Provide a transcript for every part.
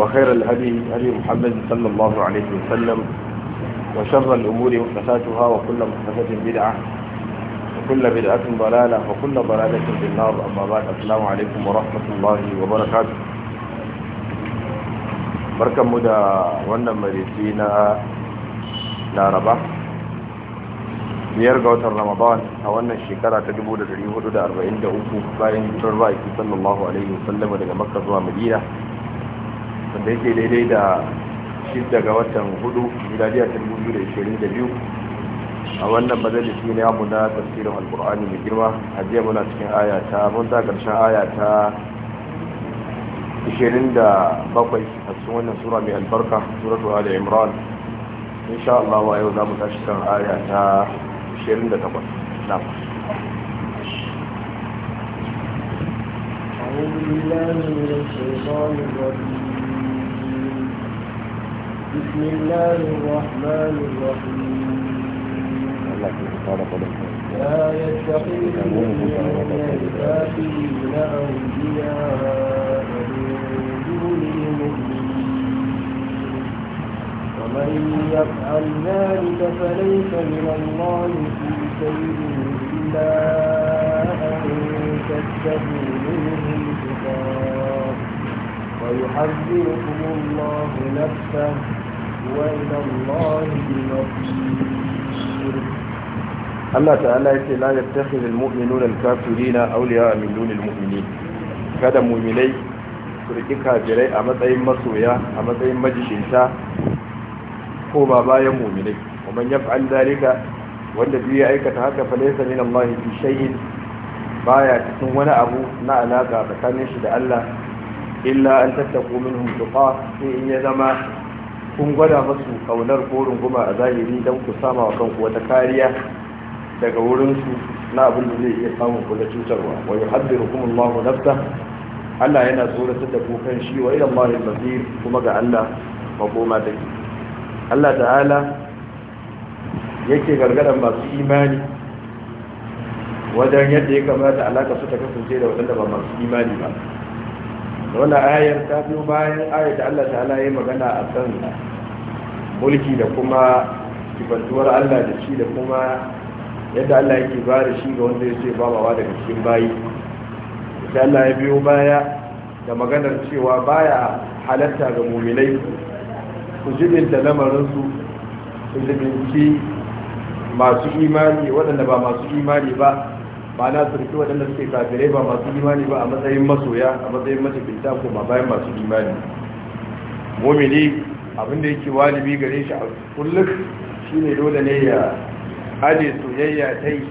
وخير الهدي هدي محمد صلى الله عليه وسلم وشر الأمور محدثاتها وكل محدثة بدعة وكل بدعة ضلالة وكل ضلالة في النار أما بعد السلام عليكم ورحمة الله وبركاته barkan mu da wannan marisi na laraba biyar ga watan ramadan a wannan shekara ta 1443 bayan jirar ra'ayi sallallahu alaihi wasallam daga makka zuwa madina wanda yake daidai da shidda daga watan hudu jiya ta dubu da ishirin da biyu a wannan shi ne mu na tafsirin alkur'ani mai girma a jiya muna cikin aya ta mun ta karshen aya ta bakwai a cikin wannan sura mai albarka suratu da imran sha Allah wa yau za mu tashi kan aya ta takwas na أعوذ بالله من الشيطان الرجيم بسم الله الرحمن الرحيم لا يتخذ المؤمنون الكافرين أولياء من دون المؤمنين ومن يفعل ذلك فليس من الله في شيء إلا أن تتبعوا منه تقاه ويحذركم الله نفسه وإلى الله المصير Allah ta'ala ya ce la yattakhidhu al-mu'minuna al-kafirina awliya min dunil mu'minin kada mu'minai su riki kafirai a matsayin masoya a matsayin majishinta ko ba bayan mu'minai kuma yaf'al zalika wanda biyu ya aikata haka fa laysa min Allah fi shay'in baya cikin wani abu na alaka tsakanin shi da Allah illa an tattaku minhum tuqa sai in ya zama kun gwada masu kaunar ko runguma a zahiri don ku sama wa kanku wata kariya daga wurinsu na abin da zai iya samun kula cutarwa wa yi haddiru kuma nafsa Allah yana tsoratar da ku kan shi wa idan Allah masir kuma ga Allah makoma ke. Allah ta'ala yake gargadan masu imani wajen yadda ya kamata alaka su ta kasance da waɗanda ba masu imani ba wannan ayar ta biyo bayan ayar da Allah ta'ala ya magana a kan mulki da kuma kibantuwar Allah da shi da kuma yadda Allah yake ba da shi ga wanda ya ce babawa daga cikin bayi da Allah ya biyo baya da maganar cewa baya halatta ga muminai Ku jibin da lamarinsu su jibinci masu imani waɗanda ba masu imani ba ma'ana su riki waɗanda suke kafirai ba masu imani ba a matsayin masoya a matsayin matafinta ko ma bayan masu imani mumini abinda yake walibi gare shi a kullum shine dole ne ya aje soyayya ta yi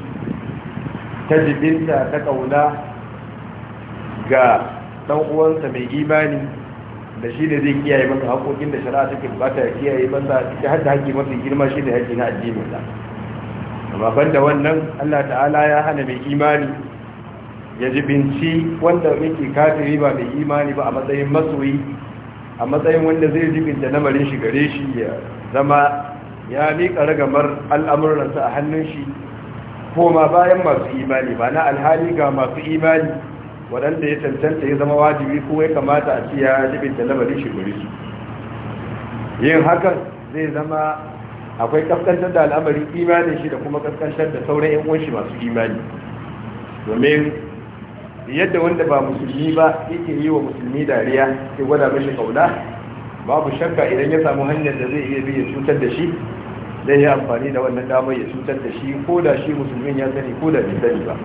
ta jibinta ta ƙauna ga uwansa mai imani da shi ne zai kiyaye masa haƙoƙin da shari'a take bata ya kiyaye masa ta hada haƙi mafi girma shi ne haƙi na addinin amma banda wannan Allah ta'ala ya hana mai imani ya ji binci wanda yake kafiri ba mai imani ba a matsayin masoyi a matsayin wanda zai ji jibinta namarin shi gare shi ya zama ya miƙa ragamar al'amuransa a hannun shi ko ma bayan masu imani ba na alhali ga masu imani waɗanda ya cancanta ya zama wajibi ko ya kamata a ciya jibinta lamarin shi gare su yin hakan zai zama akwai kaskantar da al'amarin imanin shi da kuma kaskantar da sauran yan uwanshi masu imani domin yadda wanda ba musulmi ba yake yi wa musulmi dariya ke gwada mashi kauna babu shakka idan ya samu hanyar da zai iya bi ya cutar da shi zai yi amfani da wannan damar ya cutar da shi ko da shi musulmin ya sani ko da bai sani ba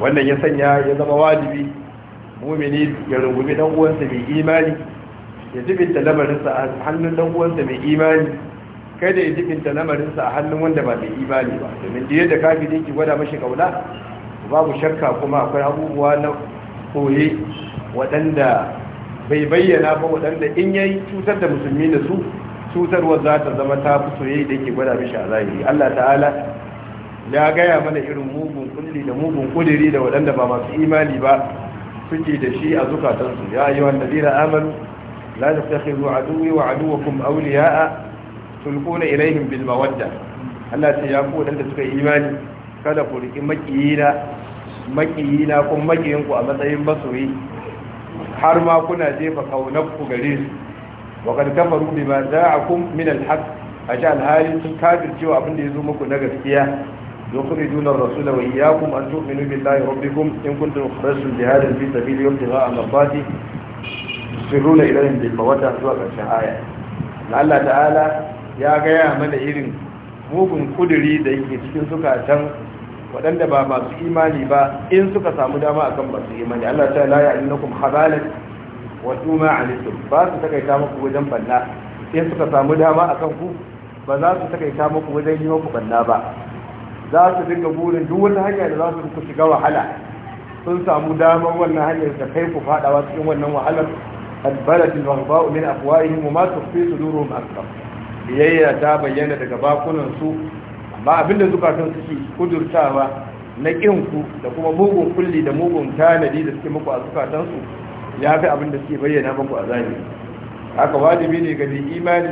wannan ya sanya ya zama wajibi mumini ya rungumi dan uwansa mai imani ya jibinta lamarinsa a hannun dan uwansa mai imani kada ya jikinta lamarinsa a hannun wanda ba mai imani ba domin da yadda kafin ki gwada mashi kauna babu shakka kuma akwai abubuwa na koye waɗanda bai bayyana ba waɗanda in yayi cutar da musulmi da su cutarwar za ta zama ta fi soye da ke gwada mashi a zahiri allah ta'ala ya gaya mana irin mugun kulli da mugun kudiri da waɗanda ba masu imani ba suke da shi a zukatansu ya yi wanda zira amalu la ta fi wa aduwi wa aduwakum auliya'a tulquna ilaihim bil mawadda Allah ce ya ku wadanda suka yi imani kada ku riki makiyina makiyina kun makiyin ku a matsayin masoyi har ma kuna jefa kaunar ku gare su wa kad kafaru bima za'akum min al-haqq aja al-hali sun cewa abin da yazo muku na gaskiya يخرجون الرسول وإياكم أن تؤمنوا بالله ربكم إن كنتم خرجتم جهادا في سبيل ابتغاء مرضاتي تسرون إليهم بالمودة سوى الشعاية لعل تعالى ya gaya mana irin mugun kuduri da yake cikin zukatan waɗanda ba masu imani ba in suka samu dama akan masu imani Allah ta la ya'innakum habalan wa tuma alaikum ba su takaita muku wajen banna in suka samu dama akan ku ba za su takaita muku wajen yi muku banna ba za su dinga burin duk wata hanya da za su ku shiga wahala sun samu damar wannan hanyar da kai ku fadawa cikin wannan wahalar albalatul raghba'u min afwahihim wa ma tukhfi suduruhum akbar biyayya ta bayyana daga bakunansu amma abinda zukatan suke kudurtawa na ku, da kuma mugun kulli da mugun tanadi da suke muku a zukatansu ya fi abinda suke bayyana muku a zahiri haka wajibi ne ga mai imani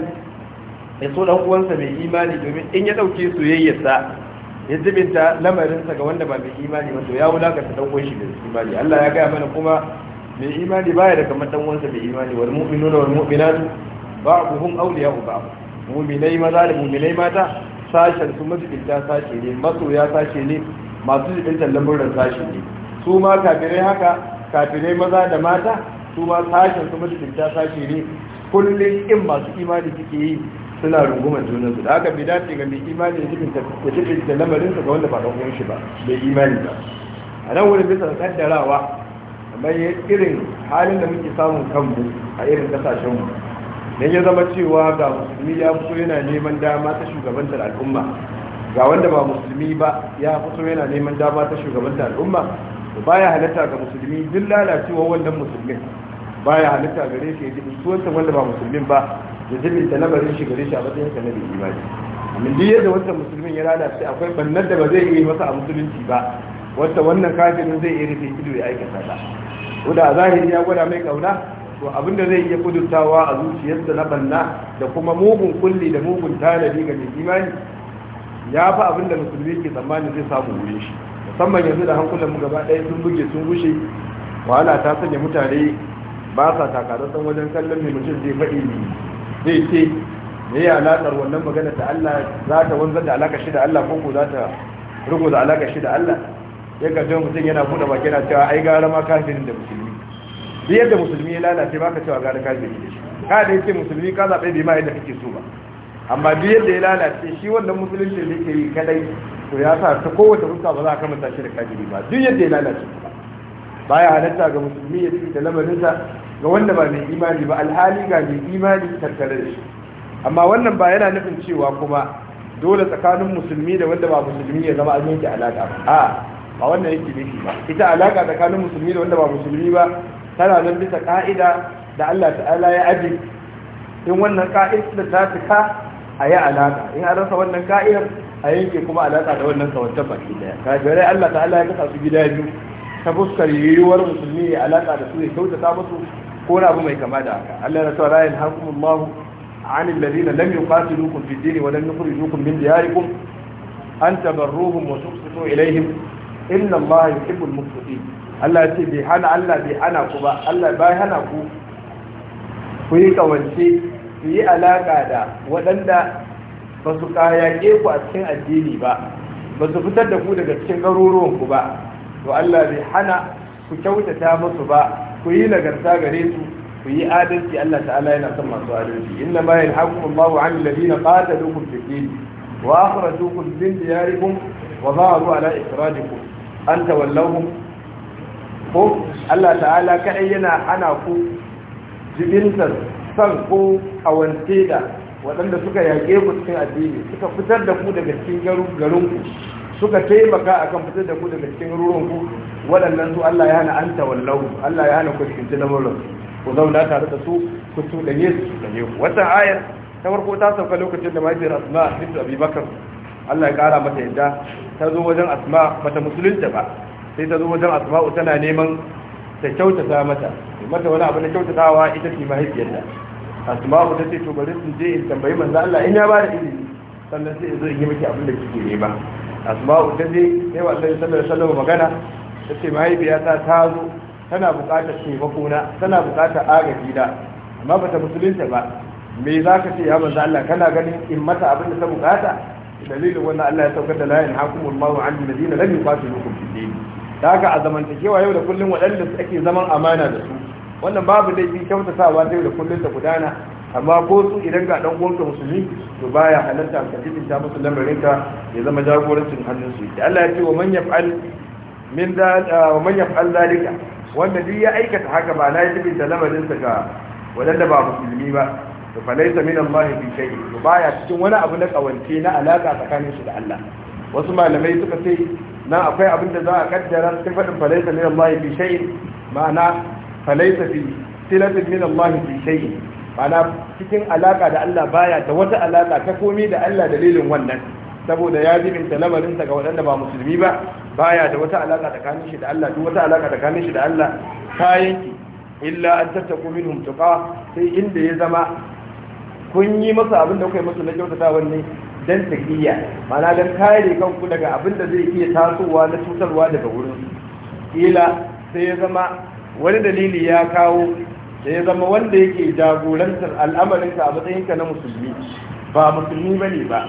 ya so dan uwansa mai imani domin in ya ɗauke soyayyarsa ya zubinta lamarinsa ga wanda ba mai imani ba to ya wulakanta dan uwan shi da imani Allah ya gaya mana kuma mai imani baya da kamar dan uwansa mai imani wal mu'minuna wal mu'minatu ba'dhum awliya'u ba'd muminai maza da muminai mata sashen su mazubinta sashe ne ya sashe ne masu zubinta lamuran sashe ne su ma kafirai haka kafirai maza da mata su ma sashen su mazubinta sashe ne kullum in masu imani suke yi suna rungumar junansu da haka bai dace ga mai imani ya zubinta ya zubinta lamarinsa ga wanda ba ɗan shi ba bai imani ba a nan wurin bisa kaddarawa kamar irin halin da muke samun kanmu a irin kasashenmu dan ya zama cewa ga musulmi ya fito yana neman dama ta shugabantar al'umma ga wanda ba musulmi ba ya fito yana neman dama ta shugabantar al'umma to baya halitta ga musulmi duk lalacewa wannan musulmin baya halitta gare shi ya ji suwanta wanda ba musulmin ba da jibin ta labarin shi gare shi a matsayin sa na bai imani amin duk yadda wancan musulmin ya lalace akwai bannan da ba zai iya masa a musulunci ba wanda wannan kafirin zai iya rufe ido ya aikata ta ko da zahiri ya gwada mai kauna to da zai iya kudurtawa a zuciyarsa na banna da kuma mugun kulli da mugun talabi ga mai imani ya fi da musulmi ke tsammani zai samu wurin shi musamman yanzu da hankulan mu gaba ɗaya sun buge sun gushe wahala ta sanya mutane ba sa takaratsan wajen kallon mai mutum zai faɗi zai ce me ya alaƙar wannan magana da Allah za ta wanzar da alaƙa shi da Allah ko za ta rugu da alaƙa shi da Allah ya ga mutum yana buɗe baki yana cewa ai gara ma kafirin da musulmi Biyar yadda musulmi ya lalace ba ka cewa gane zai da shi ka da yake musulmi ka zaɓe bai ma yadda kake so ba amma biyar yadda ya lalace shi wannan musulunci da yake yi kadai to ya sa ta kowace fuska ba za a kamata shi da kafiri ba duk yadda ya lalace ba, baya halatta ga musulmi ya fi da lamarinsa ga wanda ba mai imani ba alhali ga mai imani tattare da shi amma wannan ba yana nufin cewa kuma dole tsakanin musulmi da wanda ba musulmi ya zama an yanke alaka ba a ba wannan yake nufi ba ita alaka tsakanin musulmi da wanda ba musulmi ba tana nan bisa ka'ida da Allah ta'ala ya aji in wannan ka'ida ta cika a yi alaƙa in an rasa wannan ka'idar a yanke kuma alaƙa da wannan kawantar baki daya kafirai Allah ta'ala ya kasa su gida biyu ta fuskar yiwuwar musulmi ya alaƙa da su ya kyauta ta musu ko na abu mai kama da haka Allah ya rasa ra'ayin hakumullahu عن الذين لم يقاتلوكم في الدين ولم يخرجوكم من دياركم أن تبروهم وتقسطوا إليهم إن الله يحب المقسطين Allah ce bai hana Allah bai hana ku ba Allah bai hana ku ku yi kawance ku yi alaka da waɗanda ba su kayaƙe ku a cikin addini ba ba su fitar da ku daga cikin ku ba to Allah bai hana ku kyautata musu ba ku yi nagarta gare su ku yi adalci Allah ta'ala yana son masu adalci inna ma yalhaqukum Allahu 'anil ladina qataluukum fi din wa akhrajukum min diyarikum wa ba'du ala ikhrajikum an tawallawhum ko Allah ta'ala kaɗai yana hana ku jibintar san ko awance da waɗanda suka yage ku cikin addini suka fitar da ku daga cikin ku. suka taimaka akan fitar da ku daga cikin ku waɗannan su Allah ya hana an tawallau Allah ya hana ku cikin lamarin ku zauna tare da su ku tuɗanye su tuɗanye ku wata ayar ta farko ta sauka lokacin da mahaifiyar asma bint abubakar Allah ya kara mata yadda ta zo wajen asma mata musulunta ba sai ta zo wajen asma'u tana neman ta kyautata mata mata wani abu na kyautatawa ita ce mahaifiyarta asma'u ta ce to bari su je in tambayi manzo Allah in ya ba da izini sannan sai zo in yi miki abin da kike nema asma'u ta je sai wa Allah sallallahu alaihi wasallam magana ta ce mahaifiyata ta zo tana buƙatar taimako na tana buƙatar agaji na amma bata musulunta ba me za ka ce ya manzo Allah kana ganin in mata abin da ta buƙata dalilin wannan Allah ya saukar da hakumul yanhaqumullahu an ladina lam yuqatilukum fid din da haka a zamantakewa yau da kullum waɗanda su ake zaman amana da su wannan babu laifi kyautatawa ta yau da kullum da gudana amma ko su idan ga ɗan uwanka musulmi to baya halatta ka jikinta musu lamarinka ya zama jagorancin su da Allah ya ce wa man al min da wa zalika wanda duk ya aikata haka ba na lamarin ta ga wadanda ba musulmi ba to falaisa min Allah fi shay'i to baya cikin wani abu na kawance na alaka tsakanin shi da Allah wasu malamai suka ce na akwai abin da za a kaddara cikin faɗin falaita min Allah fi shay'in ma'ana falaita fi silatin min Allah fi shay'in ma'ana cikin alaka da Allah baya da wata alaka ta komai da Allah dalilin wannan saboda ya jibinta lamarinsa ga waɗanda ba musulmi ba baya da wata alaka tsakanin shi da Allah duk wata alaka tsakanin shi da Allah ta yanki illa an tattaku minhum tuqa sai inda ya zama kun yi masa abin da kuka yi masa na kyautata wanne dan takiya mana dan kare kanku daga abin da zai iya tasowa na cutarwa daga wurin ila sai ya zama wani dalili ya kawo sai ya zama wanda yake jagorantar al'amarinka a matsayinka na musulmi ba musulmi bane ba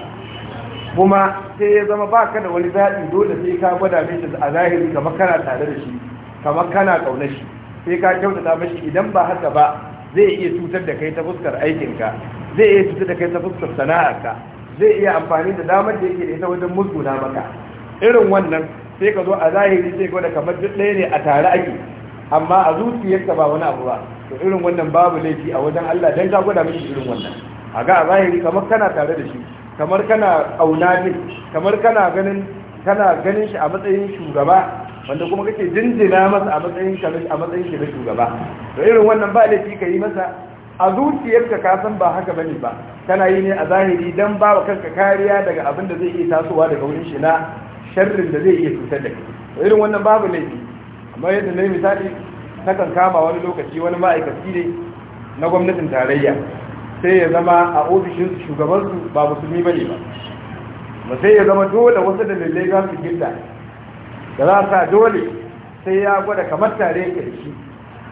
kuma sai ya zama baka da wani zaɓi dole sai ka gwada mishi a zahiri kamar kana tare da shi kamar kana ƙaunar shi sai ka kyautata mashi idan ba haka ba zai iya cutar da kai ta fuskar aikinka zai iya cutar da kai ta fuskar sana'arka zai iya amfani da damar da yake da ita wajen musguna maka irin wannan sai ka zo a zahiri sai gwada kamar duk ɗaya ne a tare ake amma a zuciyarsa ba wani abu ba to irin wannan babu laifi a wajen Allah dan ka gwada miki irin wannan a ga a zahiri kamar kana tare da shi kamar kana auna ne kamar kana ganin kana ganin shi a matsayin shugaba wanda kuma kake jinjina masa a matsayin a matsayin shi na shugaba to irin wannan ba laifi ka yi masa a zuciyarka ka san ba haka bane ba kana yi ne a zahiri dan ba wa kanka kariya daga abin da zai iya tasowa daga wurin shi na sharrin da zai iya cutar da kai irin wannan babu laifi amma yadda na yi misali kan kama wani lokaci wani ma'aikaci ne na gwamnatin tarayya sai ya zama a ofishin shugabansu ba musulmi bane ba ba sai ya zama dole wasu da lallai za su gilda da za sa dole sai ya gwada kamar tare yake da shi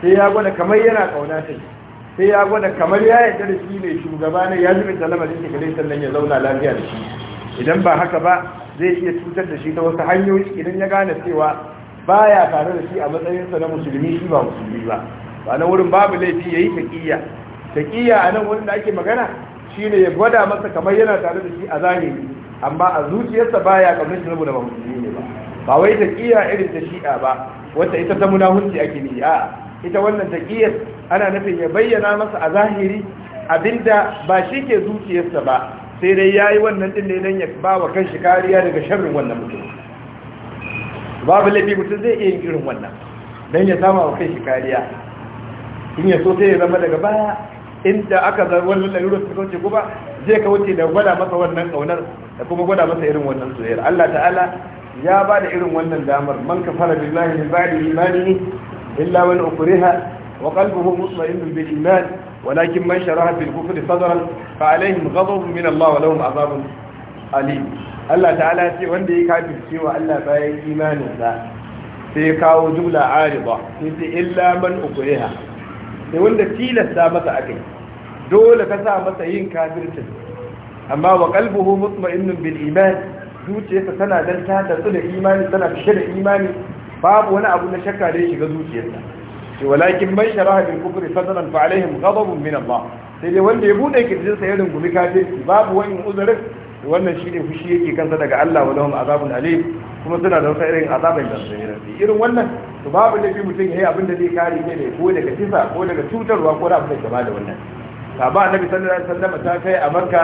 sai ya gwada kamar yana kauna ta shi sai ya gwada kamar ya yadda da shi mai shugaba ne ya zubi talama da gare sannan ya zauna lafiya da shi idan ba haka ba zai iya cutar da shi ta wasu hanyoyi idan ya gane cewa ba ya tare da shi a matsayinsa na musulmi shi ba musulmi ba ba na wurin babu laifi ya yayi taqiyya taƙiya a nan wurin da ake magana Shi ne ya gwada masa kamar yana tare da shi a zahiri amma a zuciyarsa ba ya kamar shi saboda ba musulmi ne ba ba wai taqiyya irin ta shi'a ba wata ita ta munahunci ake ni a'a ita wannan taƙiyar ana nufin ya bayyana masa a zahiri abinda ba shi ke zuciyarsa ba sai dai ya yi wannan ɗin ne don ya ba wa kanshi kariya daga sharrin wannan mutum babu laifi mutum zai iya yin irin wannan don ya sama wa kanshi kariya in ya so sai ya zama daga baya inda aka zar wannan lalurar su kauce kuma zai kauce da gwada masa wannan ƙaunar da kuma gwada masa irin wannan soyayya Allah ta'ala ya ba da irin wannan damar man kafara billahi min ba'di imanihi إلا من أكرها وقلبه مطمئن بالإيمان ولكن من شرح بالكفر صدرا فعليهم غضب من الله ولهم عذاب أليم الله تعالى ce wanda ya kafirce wa Allah bayan imaninsa sai ya kawo jumla arida sai sai illa man ukriha sai wanda tilasta masa akai dole ka sa masa yin kafircin amma wa qalbuhu mutma'innun bil iman tana dan ta da imani tana fishe da imani babu wani abu na shakka da ya shiga zuciyarsa ce walakin man sharaha bil kufri sadran fa alaihim ghadabun min Allah sai dai wanda ya bude kirjin sa ya rungumi kafirci babu wani uzurin wannan shine fushi yake kansa daga Allah wa lahum azabun alim kuma suna da wasu irin azabin da zai rafi irin wannan to babu bi mutum yayi abin da zai kare ne ne ko daga kisa ko daga cutarwa ko da abin da ba da wannan sahaba annabi sallallahu alaihi wasallam ta kai a makka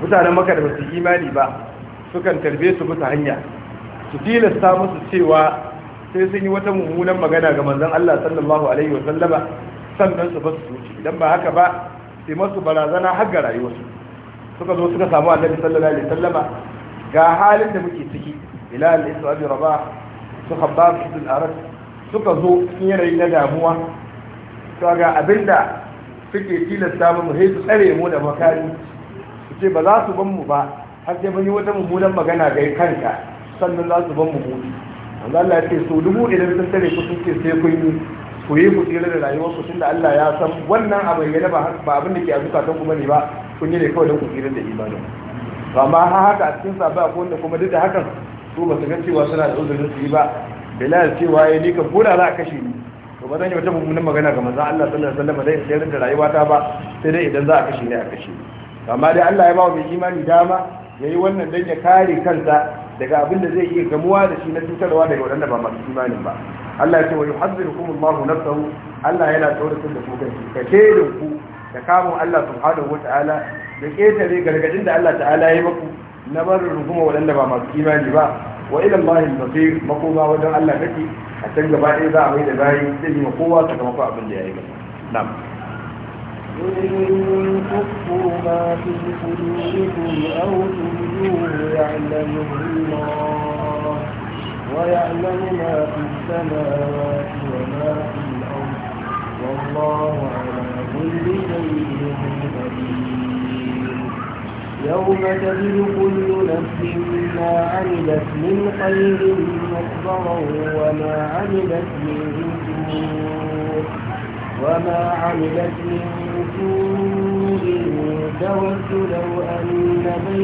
mutanen makka da basu imani ba sukan tarbe su bisa hanya su tilasta musu cewa sai sun yi wata mummunan magana ga manzon Allah sallallahu alaihi wa sallama sannan su basu zuci idan ba haka ba sai masu barazana har ga rayuwarsu suka zo suka samu annabi sallallahu alaihi wa sallama ga halin da muke ciki bilal ibn abi rabah su khabbab ibn al suka zo cikin yanayi na damuwa to ga abinda suke tilasta mu sai su tsare mu da makari su ce ba za su ban mu ba har sai mun yi wata mummunan magana ga kanka sannan za su ban mu buɗi wanda Allah ya ce so dubu idan sun tare ku sun ce sai kun yi ku yi ku tsira da rayuwar ku tunda Allah ya san wannan a bayyana ba abin da ke a zukatan ku bane ba kun yi ne kawai don ku tsira da imanin ba amma ha haka a cikin sabai akwai wanda kuma duk da hakan su ba su ga cewa suna da uzurin su yi ba bilal cewa ya ni ka koda za a kashe ni to ba zan yi wata mummunan magana ga manzon Allah sallallahu alaihi wasallam dai tsira da rayuwata ba sai dai idan za a kashe ni a kashe ni amma dai Allah ya ba mu mai imani dama yayi wannan dan ya kare kansa daga abin da zai iya gamuwa da shi na cutarwa daga waɗanda ba masu imanin ba Allah ya ce wa yuhazzirukum Allahu nafsahu Allah yana tsoratar da ku kanki ka da ku da kamun Allah subhanahu ta'ala da ketare gargadin da Allah ta'ala ya maku na barin runguma waɗanda ba masu imani ba wa ila Allah masir makoma wajen Allah kake a can gaba ɗaya za a mai da bayi zai yi makowa sakamakon abin da ya yi na'am إن تكفوا ما في قلوبكم أو تبدوه يعلمه الله ويعلم ما في السماوات وما في الأرض والله على كل شيء قدير يوم تجد كل نفس ما عملت من خير مخبرا وما عملت من سوء وما عملت من Allah تود لو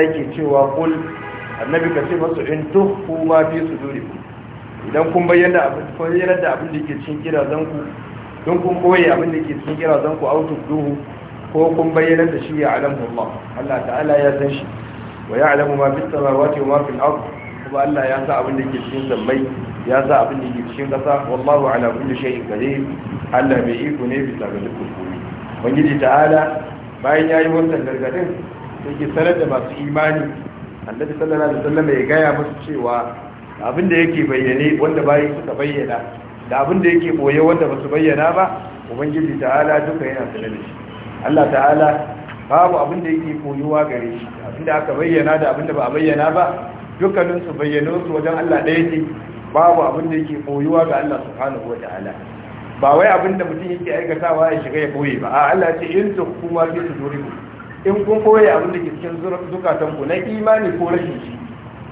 yake cewa kul annabi ka ce masu in tuhu ma fi sudurikum idan kun bayyana abin bayyana da abin da yake cikin kirazanku don kun koyi abin da yake cikin kirazanku autu duhu ko kun bayyana da shi ya alamu Allah Allah ta'ala ya san shi wa ya alamu ma fis samawati wa ma fil ard kuma Allah ya sa abin da yake cikin sammai ya sa abin da yake cikin ƙasa wallahu ala kulli shay'in qadir Allah bai iko ne bisa ga dukkan komai ubangiji ta'ala bayan yayi wannan gargadin yake sanar da masu imani annabi sallallahu alaihi wasallam ya gaya musu cewa abin da yake bayyane wanda bayi suka bayyana da abin da yake boye wanda ba su bayyana ba ubangiji ta'ala duka yana sanar da shi Allah ta'ala babu abin da yake koyuwa gare shi abinda aka bayyana da abinda ba a bayyana ba dukkanin su bayyano su wajen Allah ɗaya ne babu abin da yake koyuwa ga Allah subhanahu wa ta'ala ba wai abin da mutum yake aikatawa ya shiga ya koyi ba a Allah ce in su kuma fi su ku. in kun koyi abin da ke cikin zukatan ku na imani ko rashin shi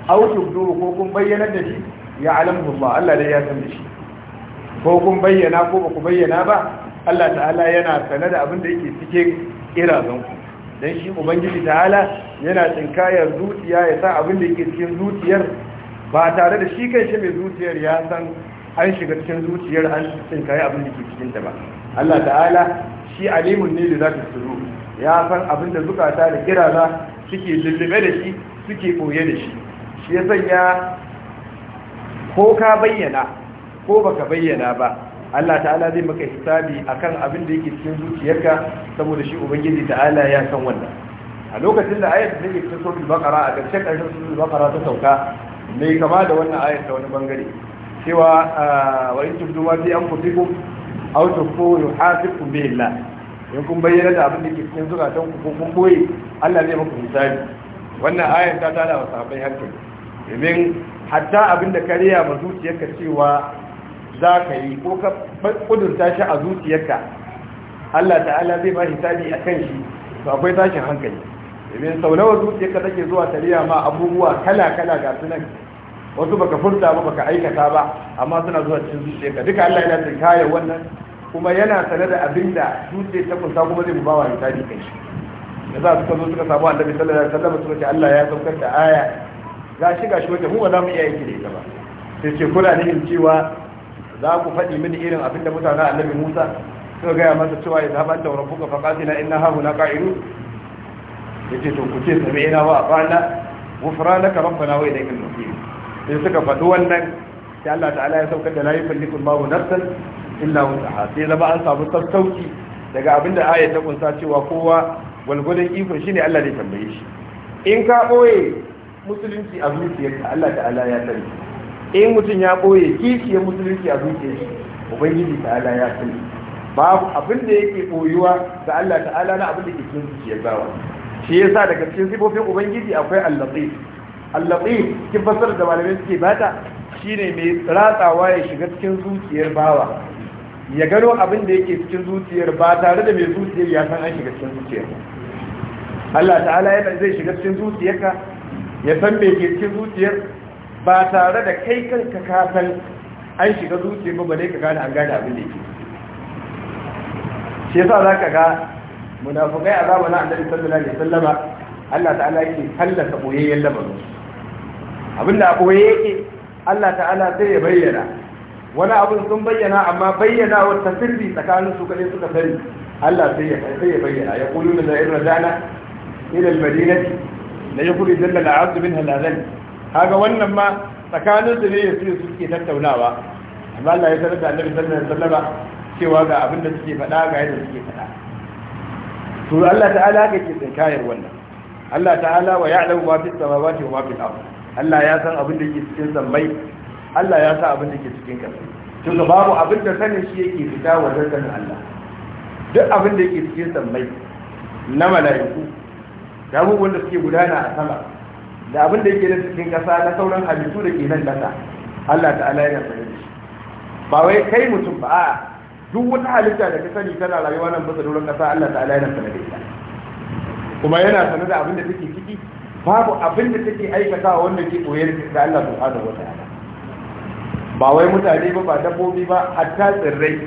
au tubdu ko kun bayyana da shi ya alamu Allah Allah da ya san da shi ko kun bayyana ko ba ku bayyana ba Allah ta'ala yana sane da abin da yake cikin irazan ku dan shi ubangiji ta'ala yana tsinkayar zuciya ya sa abin da yake cikin zuciyar ba tare da shi kai shi mai zuciyar ya san an shiga cikin zuciyar an tsinkayi abin da ke cikin ta ba Allah ta'ala shi alimun ne da zaka suru ya san abin da zukata da kiraza suke lullube da shi suke koye da shi shi ya sanya ko ka bayyana ko baka bayyana ba Allah ta'ala zai maka hisabi akan abin da yake cikin zuciyarka saboda shi ubangiji ta'ala ya san wannan a lokacin da ayat da take cikin suratul baqara a ƙarshen ƙarshen suratul Bakara ta sauka me kama da wannan ayat ta wani bangare cewa ah, wa in tubdu ma fi anfusikum aw tukhfu yuhasibukum bihi Allah in kun bayyana da abin da ke cikin zukatan ku ko kun boye Allah zai maka hisabi wannan ayat ta tada wa sahabbai hankali domin hatta abin da kariya ma zuciyarka cewa za ka yi ko ka kudurta shi a zuciyarka Allah ta'ala zai ba hisabi a kan shi to akwai tashin hankali domin sau nawa zuciyarka take zuwa tariya ma abubuwa kala-kala ga nan? wasu baka furta ba baka aikata ba amma suna zuwa cikin zuciyarka duka Allah yana kayan wannan kuma yana sanar da abin da zuciyar ta kunsa kuma zai bawa hisabi kai shi da za su kazo suka samu annabi sallallahu alaihi wasallam suka ce Allah ya saukar da aya gashi gashi wata mu ba za mu iya yin da ita ba sai ce kula ne cewa za ku faɗi mini irin abinda a annabi musa suka gaya masa cewa ya zaɓa da wani fuka na ina hahu na ƙa'iru ya ce to ku ce sami ina wa a ƙwana wufura na karan fana wai daikin nufi sai suka faɗi wannan sai allah ta'ala ya saukar da layi fallikun babu nafsan illa wuta ha sai zama an samu sassauci daga abinda ayat ta kunsa cewa kowa gwalgwadon ikon shine allah ne tambaye shi in ka ɓoye musulunci a zuciyarka allah ta'ala ya tarihi in mutum ya ɓoye kishiyar musulunci a zuke shi ubangiji ala ya sani babu abin da yake ɓoyuwa ga Allah ta'ala na abin da ke cin zuciyar bawa shi ya sa daga cikin sifofin ubangiji akwai allatsi allatsi al kin fasar da malamai suke bata shine mai ratsawa ya shiga cikin zuciyar bawa ya gano abin da yake cikin zuciyar ba tare da mai zuciyar ya san an shiga cikin zuciyar Allah ta'ala yana zai shiga cikin zuciyarka ya san me ke cikin zuciyar ba tare da kai kanka ka san an shiga zuciya ba bare ka gane an gane abin da yake shi yasa zaka ga munafikai a zamanin Annabi sallallahu alaihi wasallama Allah ta'ala yake fallasa boyayyen lamarin Abin da boye yake Allah ta'ala sai ya bayyana wani abin sun bayyana amma bayyana wata sirri tsakanin su kadai suka sani Allah sai ya sai ya bayyana ya quluna la irradana ila al-madinati la yukhrijanna al-'abdu minha al-adhan kaga wannan ma tsakanin su ne ya su suke tattaunawa amma Allah ya sanar da annabi sallallahu alaihi wasallam cewa ga abin da suke faɗa ga yadda suke faɗa to Allah ta'ala ga ke tsinkayar wannan Allah ta'ala wa ya'lamu ma fis samawati wa ma fil ard Allah ya san abin da ke cikin sammai Allah ya san abin da ke cikin ƙasa tun da babu abin da sanin shi yake fita wajen sanin Allah duk abin da yake cikin sammai na mala'iku da abubuwan da suke gudana a sama da abin da yake da cikin ƙasa na sauran halittu da ke nan ƙasa Allah ta'ala ya sane da shi ba wai kai mutum ba a duk wata halitta da ka sani tana rayuwa nan ba sauran ƙasa Allah ta'ala ya sane da ita kuma yana sane da abin da take ciki babu abin da take aikatawa wanda ke koyar da Allah subhanahu wata'ala ba wai mutane ba ba dabbobi ba hatta tsirrai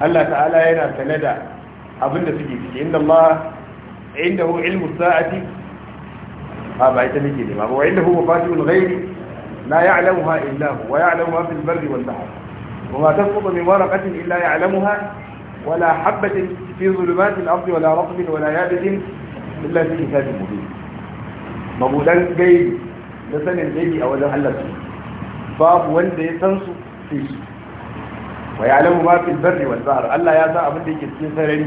Allah ta'ala yana sane da abin da suke ciki inda Allah indahu ilmu sa'ati ha ba ita nake nema ba wa inda huwa fatihul ghaibi la ya'lamuha illa hu wa ya'lamuha fil barri wal bahr wa ma illa ولا حبة في ظلمات الأرض ولا رطب ولا يابس إلا في كتاب مبين مبودان جاي لسان الجاي أو لو باب وند يتنسو فيه ويعلم ما في البر والبحر الله يا ذا أبن ديك السين سرني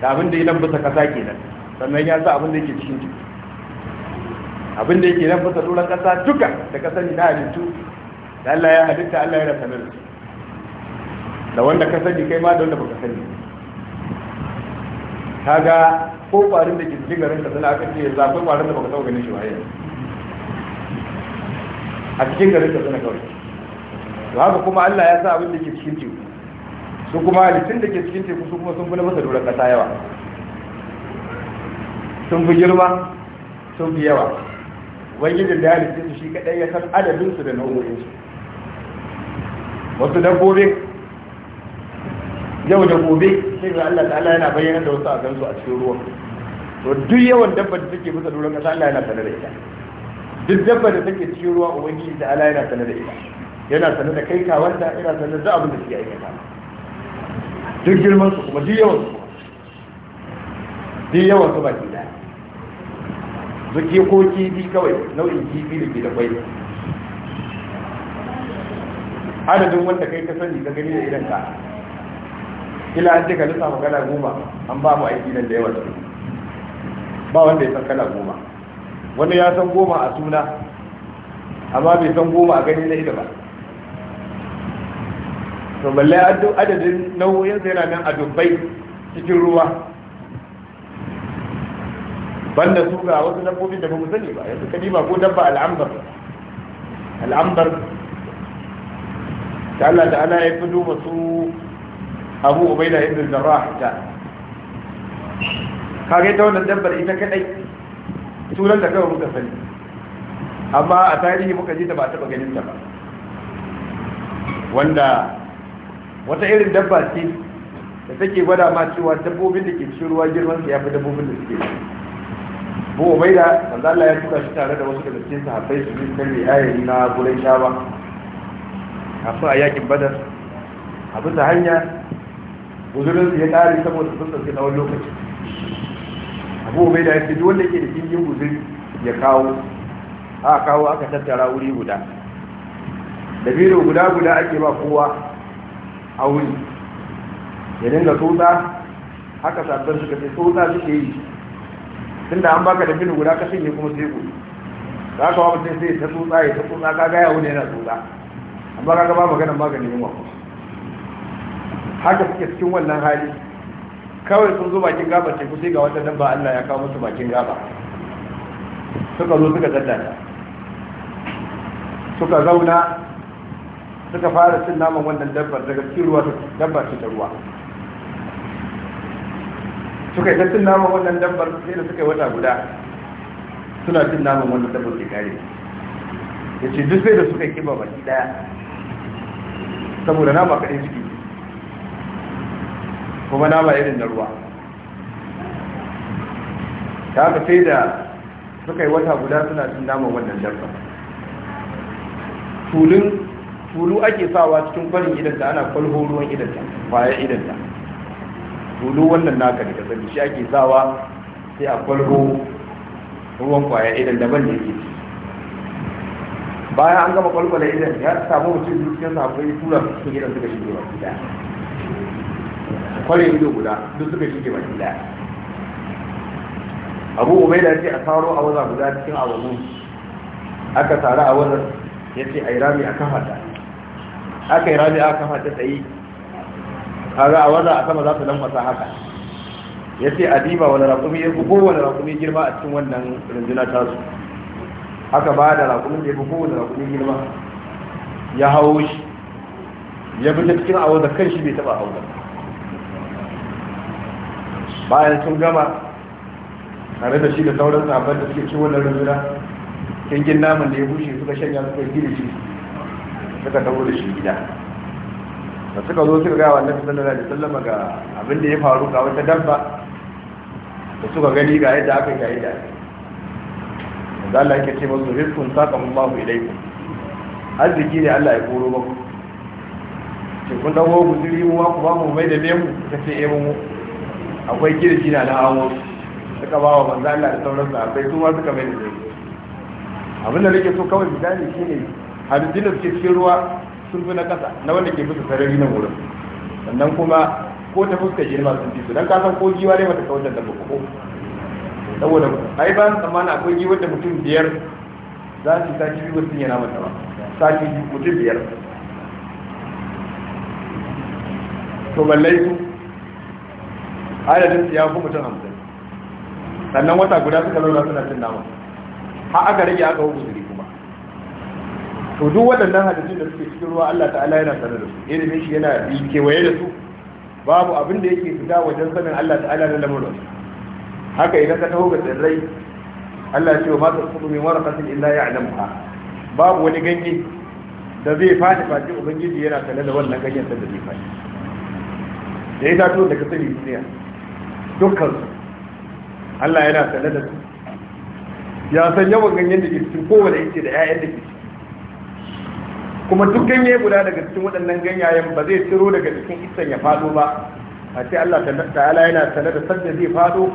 da abin da ya lambata kasa kenan sannan ya sa abin da cikin ciki abin da yake nan tsoron ƙasa duka da ƙasar na halittu da Allah ya halitta Allah ya rasa nan da wanda ka sani kai ma da wanda baka sani Ta ko kwarin da ke cikin garin ka sana aka ce yanzu akwai kwarin da baka taɓa ganin shi ba yanzu a cikin garin ka sana kawai to haka kuma Allah ya sa abin da ke cikin teku su kuma halittun da ke cikin teku su kuma sun fi na masa doron ƙasa yawa sun fi girma sun fi yawa ubangijin da ya halitta su shi kadai ya san adadin su da nau'o'in su wasu gobe, yau da gobe sai ga Allah ta'ala yana bayyana da wasu a gansu a cikin ruwa to duk yawan dabba da take bisa doron kasa Allah yana sanar da ita duk dabba da take cikin ruwa ubangiji da Allah yana sanar da ita yana sanar da kai ka wanda yana sanar da abin da suke aikata duk girman su kuma duk yawan su duk yawan su baki da zuke ko kifi kawai nau'in kifi da ke da kwai adadin wanda kai ka sani ka gani da idan ka kila an ce ka lissa magana goma an ba mu aiki nan da yawa ba wanda ya san kala goma wani ya san goma a suna amma bai san goma a gani na ita ba to balle adadin nau'in yanzu yana nan a dubbai cikin ruwa banda su ga wasu dabbobin da ba mu sani ba yanzu kadima ko dabba al'ambar al'ambar ta Allah da ana ya fito su abu ubaida ibn zarrah ta kage ta wannan dabbar ita kadai sunan da kawai muka sani amma a tarihi muka ji ta ba taba ganin ta ba wanda wata irin dabba ce da take gwada ma cewa dabbobin da ke cikin ruwa girman su ya fi dabbobin da suke abu da manzo Allah ya tuka shi tare da wasu daga cikin sahabbai su bi kalli ayin na gurin shaba kafin a yakin badar a da hanya guzurin su ya kare saboda sun tsarki tsawon lokaci abu ubaida da ce duk wanda ke da kingin guzuri ya kawo a kawo aka tattara wuri guda da biro guda guda ake ba kowa a wuri ya dinga tsotsa haka sabbin suka ce tsotsa suke yi tunda an baka da binu guda ka ne kuma sai ku za ka wa mutum sai ta tsutsa ya ta tsotsa ka gaya wani yana tsutsa an baka gaba ba maganin maganin yunwa haka suke cikin wannan hali kawai sun zo bakin gaba ce ku sai ga wata dabba Allah ya kawo musu bakin gaba suka zo suka daddata suka zauna suka fara cin naman wannan dabbar daga cikin ruwa dabbar ta ruwa suka yi tattun naman wannan dabbar sai da suka yi wata guda suna cin naman wannan dabbar ke kare ya ce duk sai da suka yi kiba baki daya saboda nama kaɗai ciki kuma nama irin na ruwa ta haka sai da suka yi wata guda suna cin naman wannan dabbar tulu ake sawa cikin kwarin idanta ana kwalho ruwan idanta kwaya idanta tulu wannan naka da kasar shi ake sawa sai a kwalgo ruwan kwaya idan daban da yake bayan an gama kwalkwala idan ya samu mutum zuciyar sa akwai tura su gidan suka shige baki gida kwarin ido guda duk suka shige baki gida abu da ce a taro a waza guda cikin awamu aka tare a wazar ya ce a yi rami a kan ta aka yi rami a kafa ta tsaye kaga a wannan a sama za su lankwasa haka ya ce adiba wani rakumi ya fi kowane rakumi girma a cikin wannan rundunar tasu haka ba da rakumin da ya fi kowane rakumi girma ya hau shi ya fi ta cikin awon da kan shi bai taba hau bayan sun gama tare da shi da sauran sabon da suke ci wannan rundunar gina naman da ya bushe suka shanya suka gina shi suka taho da shi gida da suka zo suka gawa na sallallahu da sallama ga abin da ya faru ga wata dabba da suka gani ga yadda aka da ya da Allah yake ce musu rizqun saqallahu ilaykum arziki ne Allah ya koro ku ce kun dawo guzuri mu ma ku ba mu mai da nemu ta ce eh mu akwai kirki na na hawo suka ba wa manzo Allah da sauran sahabbai su ma suka mai da lemu abin da nake so kawai misali shine a da suke cikin ruwa sun fi na kasa na wanda ke bisa sarari na wurin sannan kuma ko ta fuska girma sun fi su don san ko giwa ne mata kawai da ko saboda ai ba tsammani akwai giwar da mutum biyar za su sa biyu sun yana mata ba sati mutum biyar to ballai su adadin su ya fi mutum hamsin sannan wata guda suka lura suna cin nama har aka rage aka hukunci to duk waɗannan hadisin da suke cikin ruwa Allah ta'ala yana sanar da su ilimin shi yana bi kewaye da su babu abin da yake fita wajen sanin Allah ta'ala na lamarin haka idan ka taho ga tsirrai Allah ce wa ma tasqutu min waraqatin illa ha babu wani ganye da zai fadi fadi ubangiji yana sanar da wannan ganyen da zai fadi da ya tato daga sani duniya dukkan Allah yana sanar da su ya san yawan ganyen da ke cikin kowane yake da 'ya'yan da ke kuma duk ganye guda daga cikin waɗannan ganyayen ba zai ciro daga cikin isan ya faɗo ba a ce Allah ta'ala yana sane da sanda zai faɗo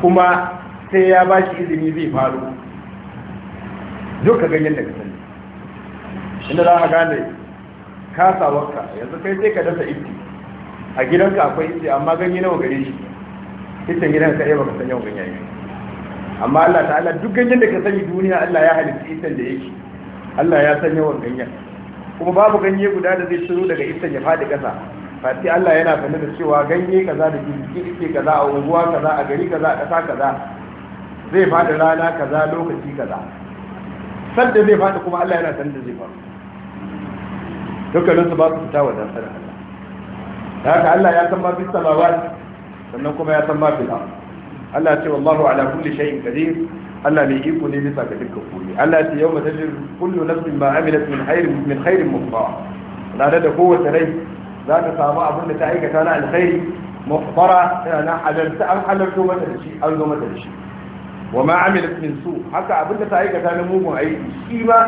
kuma sai ya ba shi izini zai faɗo duka ganyen daga sanda inda za ka gane kasawarka yanzu kai sai ka dasa itti a gidanka akwai itti amma ganye nawa gare shi gidan gidanka ɗaya baka san yawan ganyaye amma Allah ta'ala duk ganyen da ka sani duniya Allah ya halitta itin da yake Allah ya san yawan ganyen kuma babu ganye guda da zai shiru daga isan ya faɗi ƙasa fati Allah yana sanar da cewa ganye kaza da jirgi kaza a unguwa kaza a gari kaza a ƙasa kaza zai faɗi rana kaza lokaci kaza sadda zai faɗi kuma Allah yana sanar da zai faɗi dukkanin su ba su fita wajen sanar da haka Allah ya san ma fi samawa sannan kuma ya san ma fi Allah ce wallahu ala kulli shay'in qadir Allah mai iko ne bisa ga dukkan komai Allah ya ce yau madajin kullu nafsin ma amilat min khairin min khairin mukhfa ranar da kowace rai za ta samu abin da ta aikata na alkhairi mukhbara na halarta an halarto mata da shi an zo mata da shi wa ma amilat min su haka abin da ta aikata na mugun aiki shi ma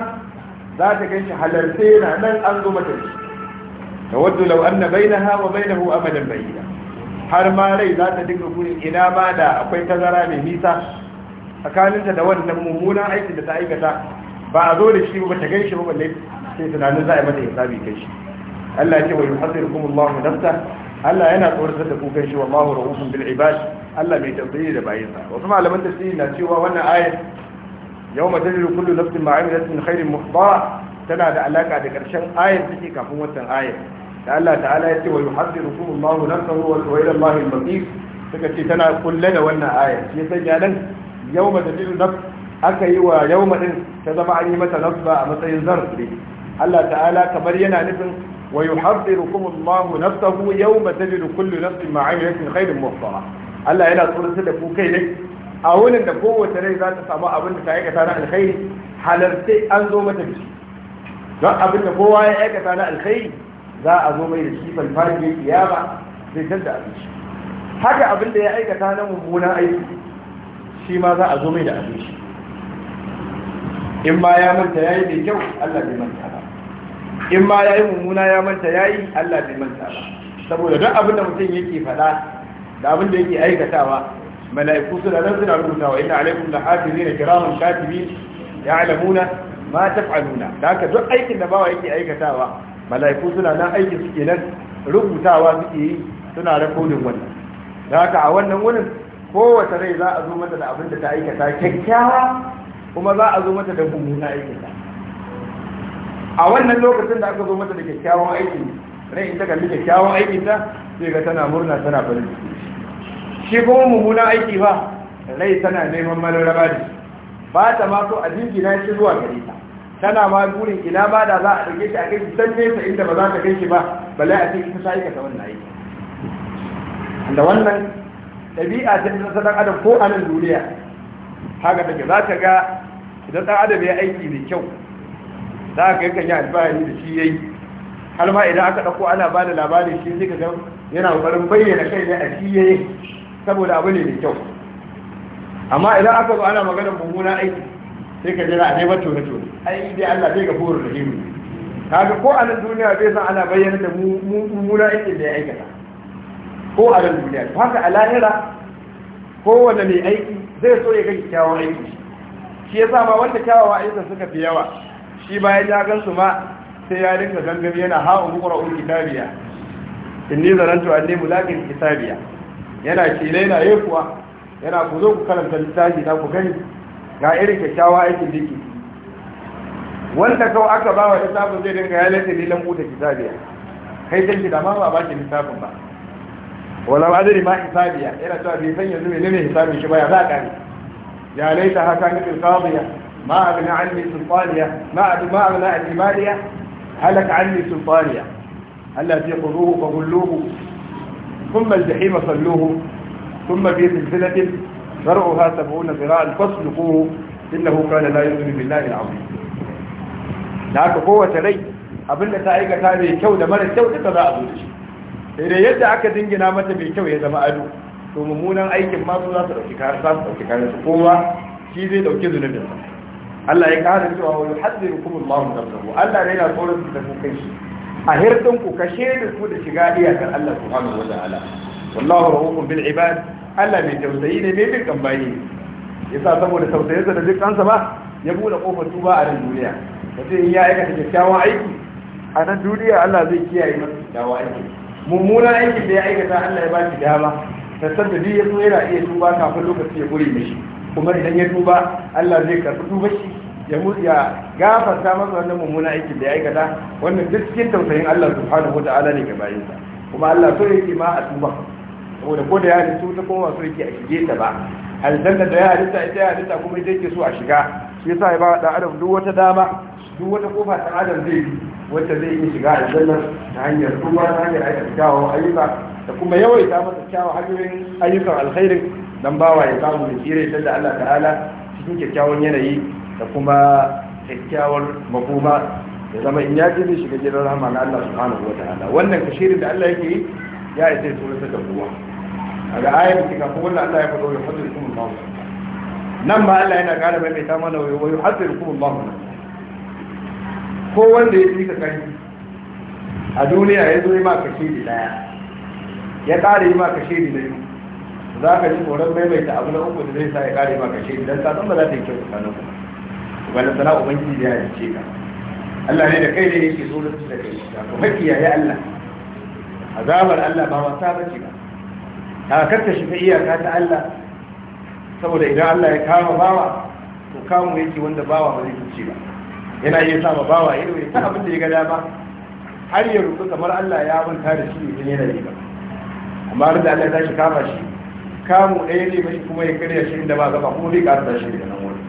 za ta ganshi halarta yana nan an zo mata da shi tawaddu law anna bainaha wa bainahu amadan bayyina har ma rai za ta dinga gurin ina ma da akwai tazara mai nisa tsakaninta da wannan mummunan aikin da ta aikata ba a zo da shi ba ta gaishe ba balle sai tunanin za a yi mata hisabi kai shi Allah ya ce wa yuhadirukum Allahu nafsa Allah yana tsoratar da ku kai shi wallahu rahufun bil ibad Allah mai tausayi da bayinsa wasu malaman tafsiri na cewa wannan ayat yawma tajidu kullu nafsin ma amilat min khairin muhdara tana da alaka da karshen ayat take kafin wannan ayat da Allah ta'ala ya ce wa yuhadirukum Allahu nafsa wa ila Allahi al-masir suka ce tana kulle da wannan ayat shi yasa nan yau ma tafiyu naf aka yi wa yau ma ta zama an yi mata nasba a matsayin zarf ne Allah ta'ala kamar yana nufin wa yuhaddirukum Allahu nafsahu yawma tajidu kullu nafsin ma 'amilatin khairin muhsara Allah yana tsoratar da ku kai ne a wurin da kowace rai za ta samu abin da ta aikata na alkhairi halarce an zo mata da don abin da kowa ya aikata na alkhairi za a zo mai da shi falfarin ya kiyama zai canza abin shi haka abin da ya aikata na mummunan aiki shi ma za a zo mai da abinci in ma ya manta ya yi mai kyau Allah bai manta ba in ma ya yi mummuna ya manta ya yi Allah bai manta ba saboda don abinda da mutum yake faɗa da abinda da yake aikatawa mala'iku suna nan suna rubutawa 'Ina alaikum da la hafizina kiraman katibin ya'lamuna ma taf'aluna da haka duk aikin da bawa yake aikatawa mala'iku suna nan aikin suke nan rubutawa suke yi suna rakodin wannan da haka a wannan wurin kowace rai za a zo mata da abin da ta aikata kyakkyawa kuma za a zo mata da mummuna aikata a wannan lokacin da aka zo mata da kyakkyawan aiki, rai in ta kalli kyakkyawan aiki ta sai ga tana murna tana farin shi kuma mummuna aiki ba rai tana neman mararaba da ba ta ma so a jingina shi zuwa gare ta tana ma burin ina ba da za a ɗauke shi a kai shi san nesa inda ba za ta kai shi ba balle a ita ta aikata wannan aiki da wannan ɗabi'a ta isa ta ɗan adam ko a nan duniya haka take za ta ga idan ɗan adam ya aiki da kyau za ka kan yi alfahari da shi ya yi har ma idan aka ɗauko ana ba da labarin shi sai ka ga yana ƙoƙarin bayyana kai ne a shi ya yi saboda abu ne mai kyau amma idan aka zo ana maganar mummuna aiki sai ka jira a neman tone-tone ai dai Allah zai ga burin rahimu kaga ko a nan duniya bai san ana bayyana da mummuna aikin da ya aikata ko a ran duniya to haka a lahira kowane mai aiki zai so ya gani kyawawan aiki shi ya ma wanda kyawawa aikin suka fi yawa shi bayan ya gansu ma sai ya rinka gangami yana ha'un ƙura'un kitabiya in ni zanantu an nemi laƙin kitabiya yana kila yana yi kuwa yana ku zo ku karanta littafi na ku gani ga irin kyakkyawa aikin diki wanda kawai aka ba wa littafin zai dinga ya laifin lilan buta kitabiya kai zai shi da ma ba ba ki littafin ba wala ba zai ma hisabiya yana cewa bai san yanzu menene hisabin shi ba ya za ka ne ya laita haka ni fil qadiya ma abna anni sultaniya ma abna ma abna anni maliya halaka anni sultaniya allati khuduhu fa qulluhu ثم الجحيم صلوه ثم في سلسلة فرعها سبعون ذراعا فاسلكوه إنه كان لا يؤمن بالله العظيم لك قوة لي أبن تأيك تابي كودة من الكودة فلا أبو sai dai yadda aka dingina mata mai kyau ya zama ado to mummunan aikin masu za su dauki kayan za su dauki su kowa shi zai dauki zunubin sa Allah ya kare cewa wa yuhaddirukum da zabu Allah ne ya tsoron su da kai shi a hirdin ku kashe da su da shiga iyakar Allah subhanahu wa ta'ala wallahu rahukun bil ibad Allah mai tausayi ne mai bin kambani yasa saboda tausayinsa da duk kansa ba ya bude kofar tuba a nan duniya in ya aikata kyakkyawan aiki a nan duniya Allah zai kiyaye masa kyakkyawan aiki mummuna aikin da ya aikata Allah ya baki dama tattar da ya so yana iya tuba kafin lokaci ya gure mishi kuma idan ya tuba Allah zai karɓi tuba shi ya ya gafarta masa wannan mummuna aikin da ya aikata wannan duk cikin tausayin Allah subhanahu wata'ala ne ga bayinsa kuma Allah so yake ma a tuba saboda ko da ya halitta ta kuma so yake a shige ta ba aljanna da ya halitta ita ya halitta kuma ita yake so a shiga shi yasa ya ba da adam duk wata dama duk wata kofa ta adam zai bi wacce zai iya shiga aljanna ta hanyar ruwa ta hanyar aikata kyawawan ayyuka da kuma yawaita masa kyawawan hanyoyin ayyukan alkhairin dan bawa ya samu da tsire ta da Allah ta'ala cikin kyakkyawan yanayi da kuma kyakkyawar makoma da zama in yaji zai shiga gidan rahama na Allah subhanahu wa ta'ala wannan kashirin da Allah yake yi ya isa ya tsoratar da kowa a ga ayar da kafin wannan Allah ya faɗo ya faɗo ya kuma nan ba Allah yana ƙara maimaita mana wa yuhaddirukum Allah ko wanda ya fi ka a duniya ya zo yi ma kashe da daya ya ƙara yi ma kashe da biyu za ka ji tsoron maimaita abu na uku da zai sa ya ƙara yi ma kashe idan ka san ba za ta yi kyau tsakanin ku wani sana ubangiji da ya halice ka Allah ne da kai ne yake zo da su da kai ka kuma kiyaye Allah azabar Allah ba wasa ba ce ba ta karta shi ta iyaka ta Allah saboda idan Allah ya kama bawa to kamu yake wanda bawa ba zai fice ba yana iya sa bawa ido ya ta abin da ya ga dama har ya rubu kamar Allah ya manta da shi idan yana yi ba amma da Allah ya shi kama shi kamu ɗaya ne mai kuma ya karya shi inda ba gaba kuma bai ƙarasa shi daga nan wani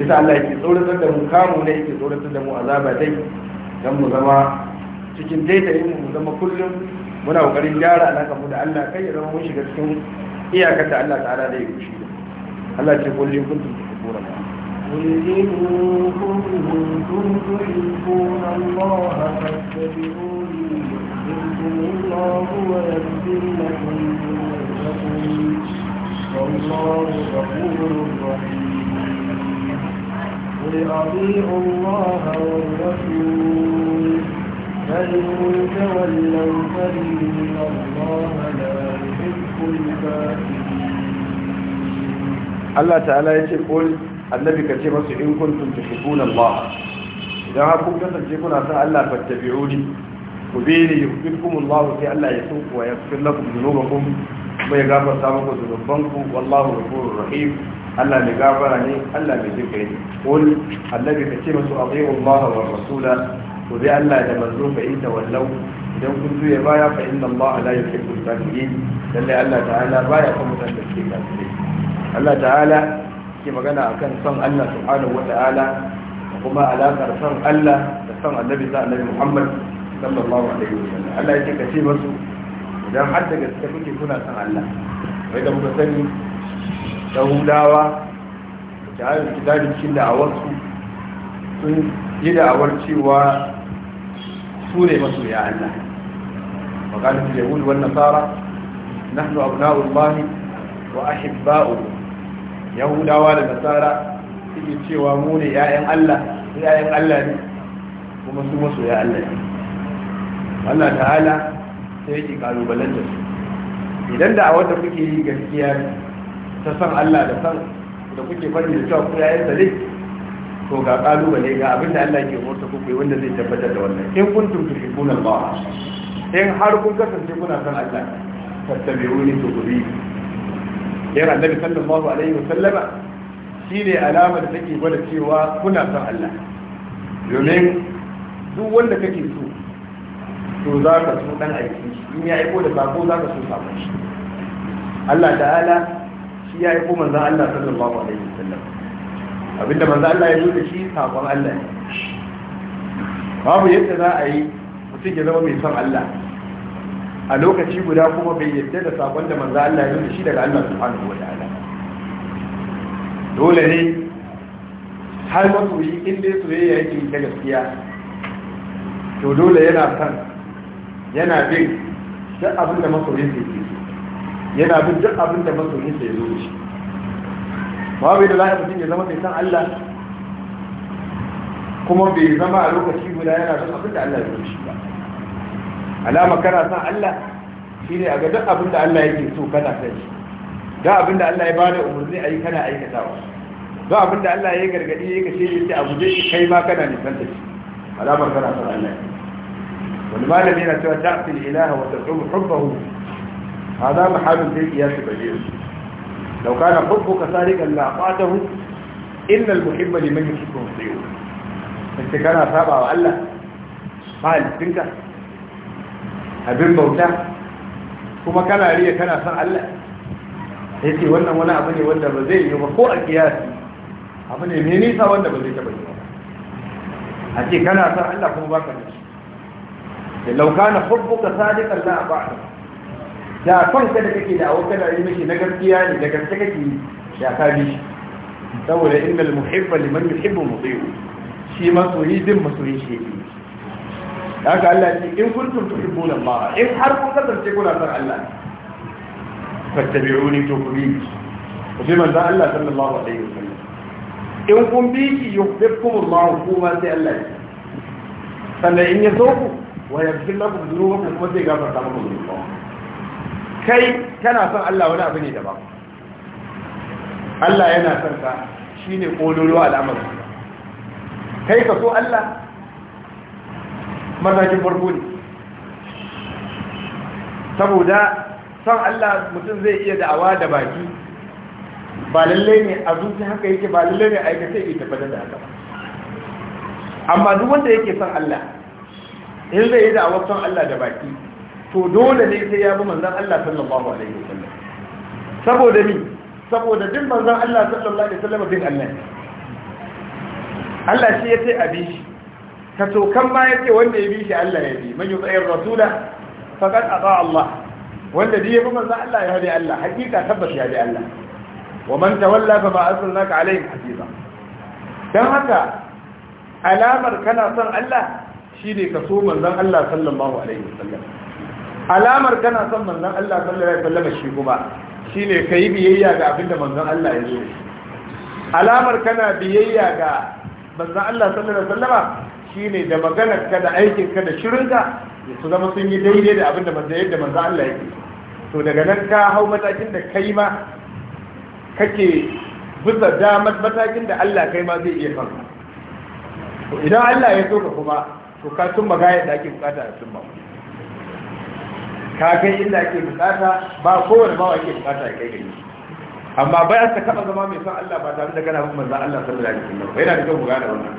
yasa Allah yake tsoratar da mu kamu ne yake tsoratar da mu azaba dai dan mu zama cikin daitayin mu zama kullum muna kokarin gyara alaƙa mu da Allah kai ya zama mun shiga cikin iyakar da Allah ta'ala da ya kushi Allah ce kullum kuntum tukuruna قل إن كنتم تحبون الله فاتبعوني يحببكم الله ويغفر لكم والله غفور رحيم قل أطيعوا الله والرسول فإن تولوا فإن الله لا يحب الكافرين الله تعالى يقول annabi ka ce masu in kuntum tuhibbun ba idan har kun kasance kuna san Allah fattabi'uni ku bi ni yuhibbukum Allah sai Allah ya so ku ya yaghfir lakum dhunubakum mai gafarta muku dhunubanku wallahu ghafurur rahim Allah mai gafara ne Allah mai jinka ne qul annabi ka ce masu atiyu Allah wa rasula ku bi Allah da manzo fa in wallau idan kun juya baya fa inna Allah la yuhibbul kafirin lalle Allah ta'ala baya kuma mutane da suke kafirai Allah ta'ala ke magana akan son Allah subhanahu wata'ala da kuma alaƙar son Allah da son annabi sa annabi Muhammad sallallahu alaihi wasallam Allah yake kace musu idan har da gaske kuke kuna son Allah wai da muka sani hudawa da ayyukan kitabin cikin da'awarsu sun yi da'awar cewa su ne masoya Allah وقالت اليهود والنصارى نحن أبناء الله وأحباؤه yahudawa da nasara suke cewa mu ne ‘ya'yan Allah ‘ya'yan Allah ne kuma su maso ya Allah ne Allah ta'ala sai yake ƙalubalen da su idan da a wata kuke yi gaskiya ta san Allah da san da kuke farin da cewa ku ‘ya'yan sa ko to ga ƙalubale ga abin da Allah ke horta kuku yi wanda zai tabbatar da wannan in kun tuntufi kunan ba in har kun kasance kuna san Allah tattabi'uni tukuri Yana annabi sallallahu alaihi wa sallama shine alama da take gwada cewa kuna son Allah domin duk wanda kake so to za ka so dan aiki in ya aiko da sako za ka so sako shi Allah ta'ala shi ya aiko manzon Allah sallallahu alaihi wa sallam abinda manzon Allah ya yi da shi sakon Allah ne babu yadda za a yi mutum ya zama mai son Allah a lokaci guda kuma bai yadda da sabon da manza Allah ya yi shi daga Allah subhanahu wa ta'ala dole ne har masoyi in dai soyayya yake ta gaskiya to dole yana san yana bin duk abin da masoyin sa yake yana bin duk abin da masoyin sa ya zo shi babu da lafiya mutum ya zama bai san Allah kuma bai zama a lokaci guda yana son abin da Allah ya zo shi ba alama kana san Allah shi ne a ga duk abin da Allah yake so kana san shi da abin da Allah ya bada umarni a yi kana aikatawa da abin da Allah ya gargadi ya kashe ya ce a guje shi kai ma kana nisan da shi alamar kana san Allah wani malami yana cewa ta'til ilaha wa tad'u hubbahu hada mahalun zai kiyasi bajiyar لو كان حبك سارقا لاطعته ان المحب لمن يحبه سيئ انت كان سابع وقال له ما هل تنكح abin bauta kuma kana riya kana san Allah ya ce wannan wani abu ne wanda ba zai yi ba ko a kiyasi abu ne mai nisa wanda ba zai taɓa yi ba a ce kana san Allah kuma ba ka da shi da lauka laukana hubbuka sadiqan la ba'da da kanka da kake da awokan da yi mishi na gaskiya ne da gaske kake da ka bi shi saboda innal muhibba liman yuhibbu muti'u shi masoyi din masoyi shi yake haka Allah ce in kuntum tuhibbuna Allah in har kun kasance kuna son Allah fattabi'uni to ku bi ku bi manzo Allah sallallahu alaihi wasallam in kun bi ki yuhibbukum Allah kuma sai Allah sannan in ya so ku wa yaghfir lakum dhunubakum kuma sai gafarta muku dhunubakum kai kana son Allah wani abu ne daban Allah yana son ka shine kololo al'amarin kai ka so Allah matakin farko ne saboda san Allah mutum zai iya da'awa da baki ba lallai ne a zuci haka yake ba lallai ne aikata yake tabbatar da haka amma duk wanda yake san Allah in zai yi da'awar san Allah da baki to dole ne sai ya bi manzon Allah sallallahu alaihi wasallam saboda ni saboda din manzon Allah sallallahu alaihi wasallam din Allah Allah shi ya sai abi shi ka tokan ma ya ce wanda ya bi shi Allah ya bi man yutsayir rasula faqad ata Allah wanda dai ya bi manzo Allah ya bi Allah hakika tabbas ya bi Allah wa man tawalla fa ma arsalnaka alaihim hafiza dan haka alamar kana son Allah shine ka so manzon Allah sallallahu alaihi wasallam alamar kana son manzon Allah sallallahu alaihi wasallam shi kuma shine kai biyayya ga abinda manzon Allah ya so alamar kana biyayya ga manzon Allah sallallahu alaihi wasallama shine da maganar ka da aikin ka da shirin ka su zama sun yi daidai da abin da manzo yadda manzo Allah yake to daga nan ka hau matakin da kai ma kake bisa damar matakin da Allah kai ma zai iya kanka to idan Allah ya so ka kuma to ka tun magaya da ake bukata a tun ka kai inda ake bukata ba kowane bawa ake bukata ya kai gani amma bayan ta kaba zama mai son Allah ba tare da kana bin manzon Allah sallallahu alaihi wasallam yana da kyau mu gane wannan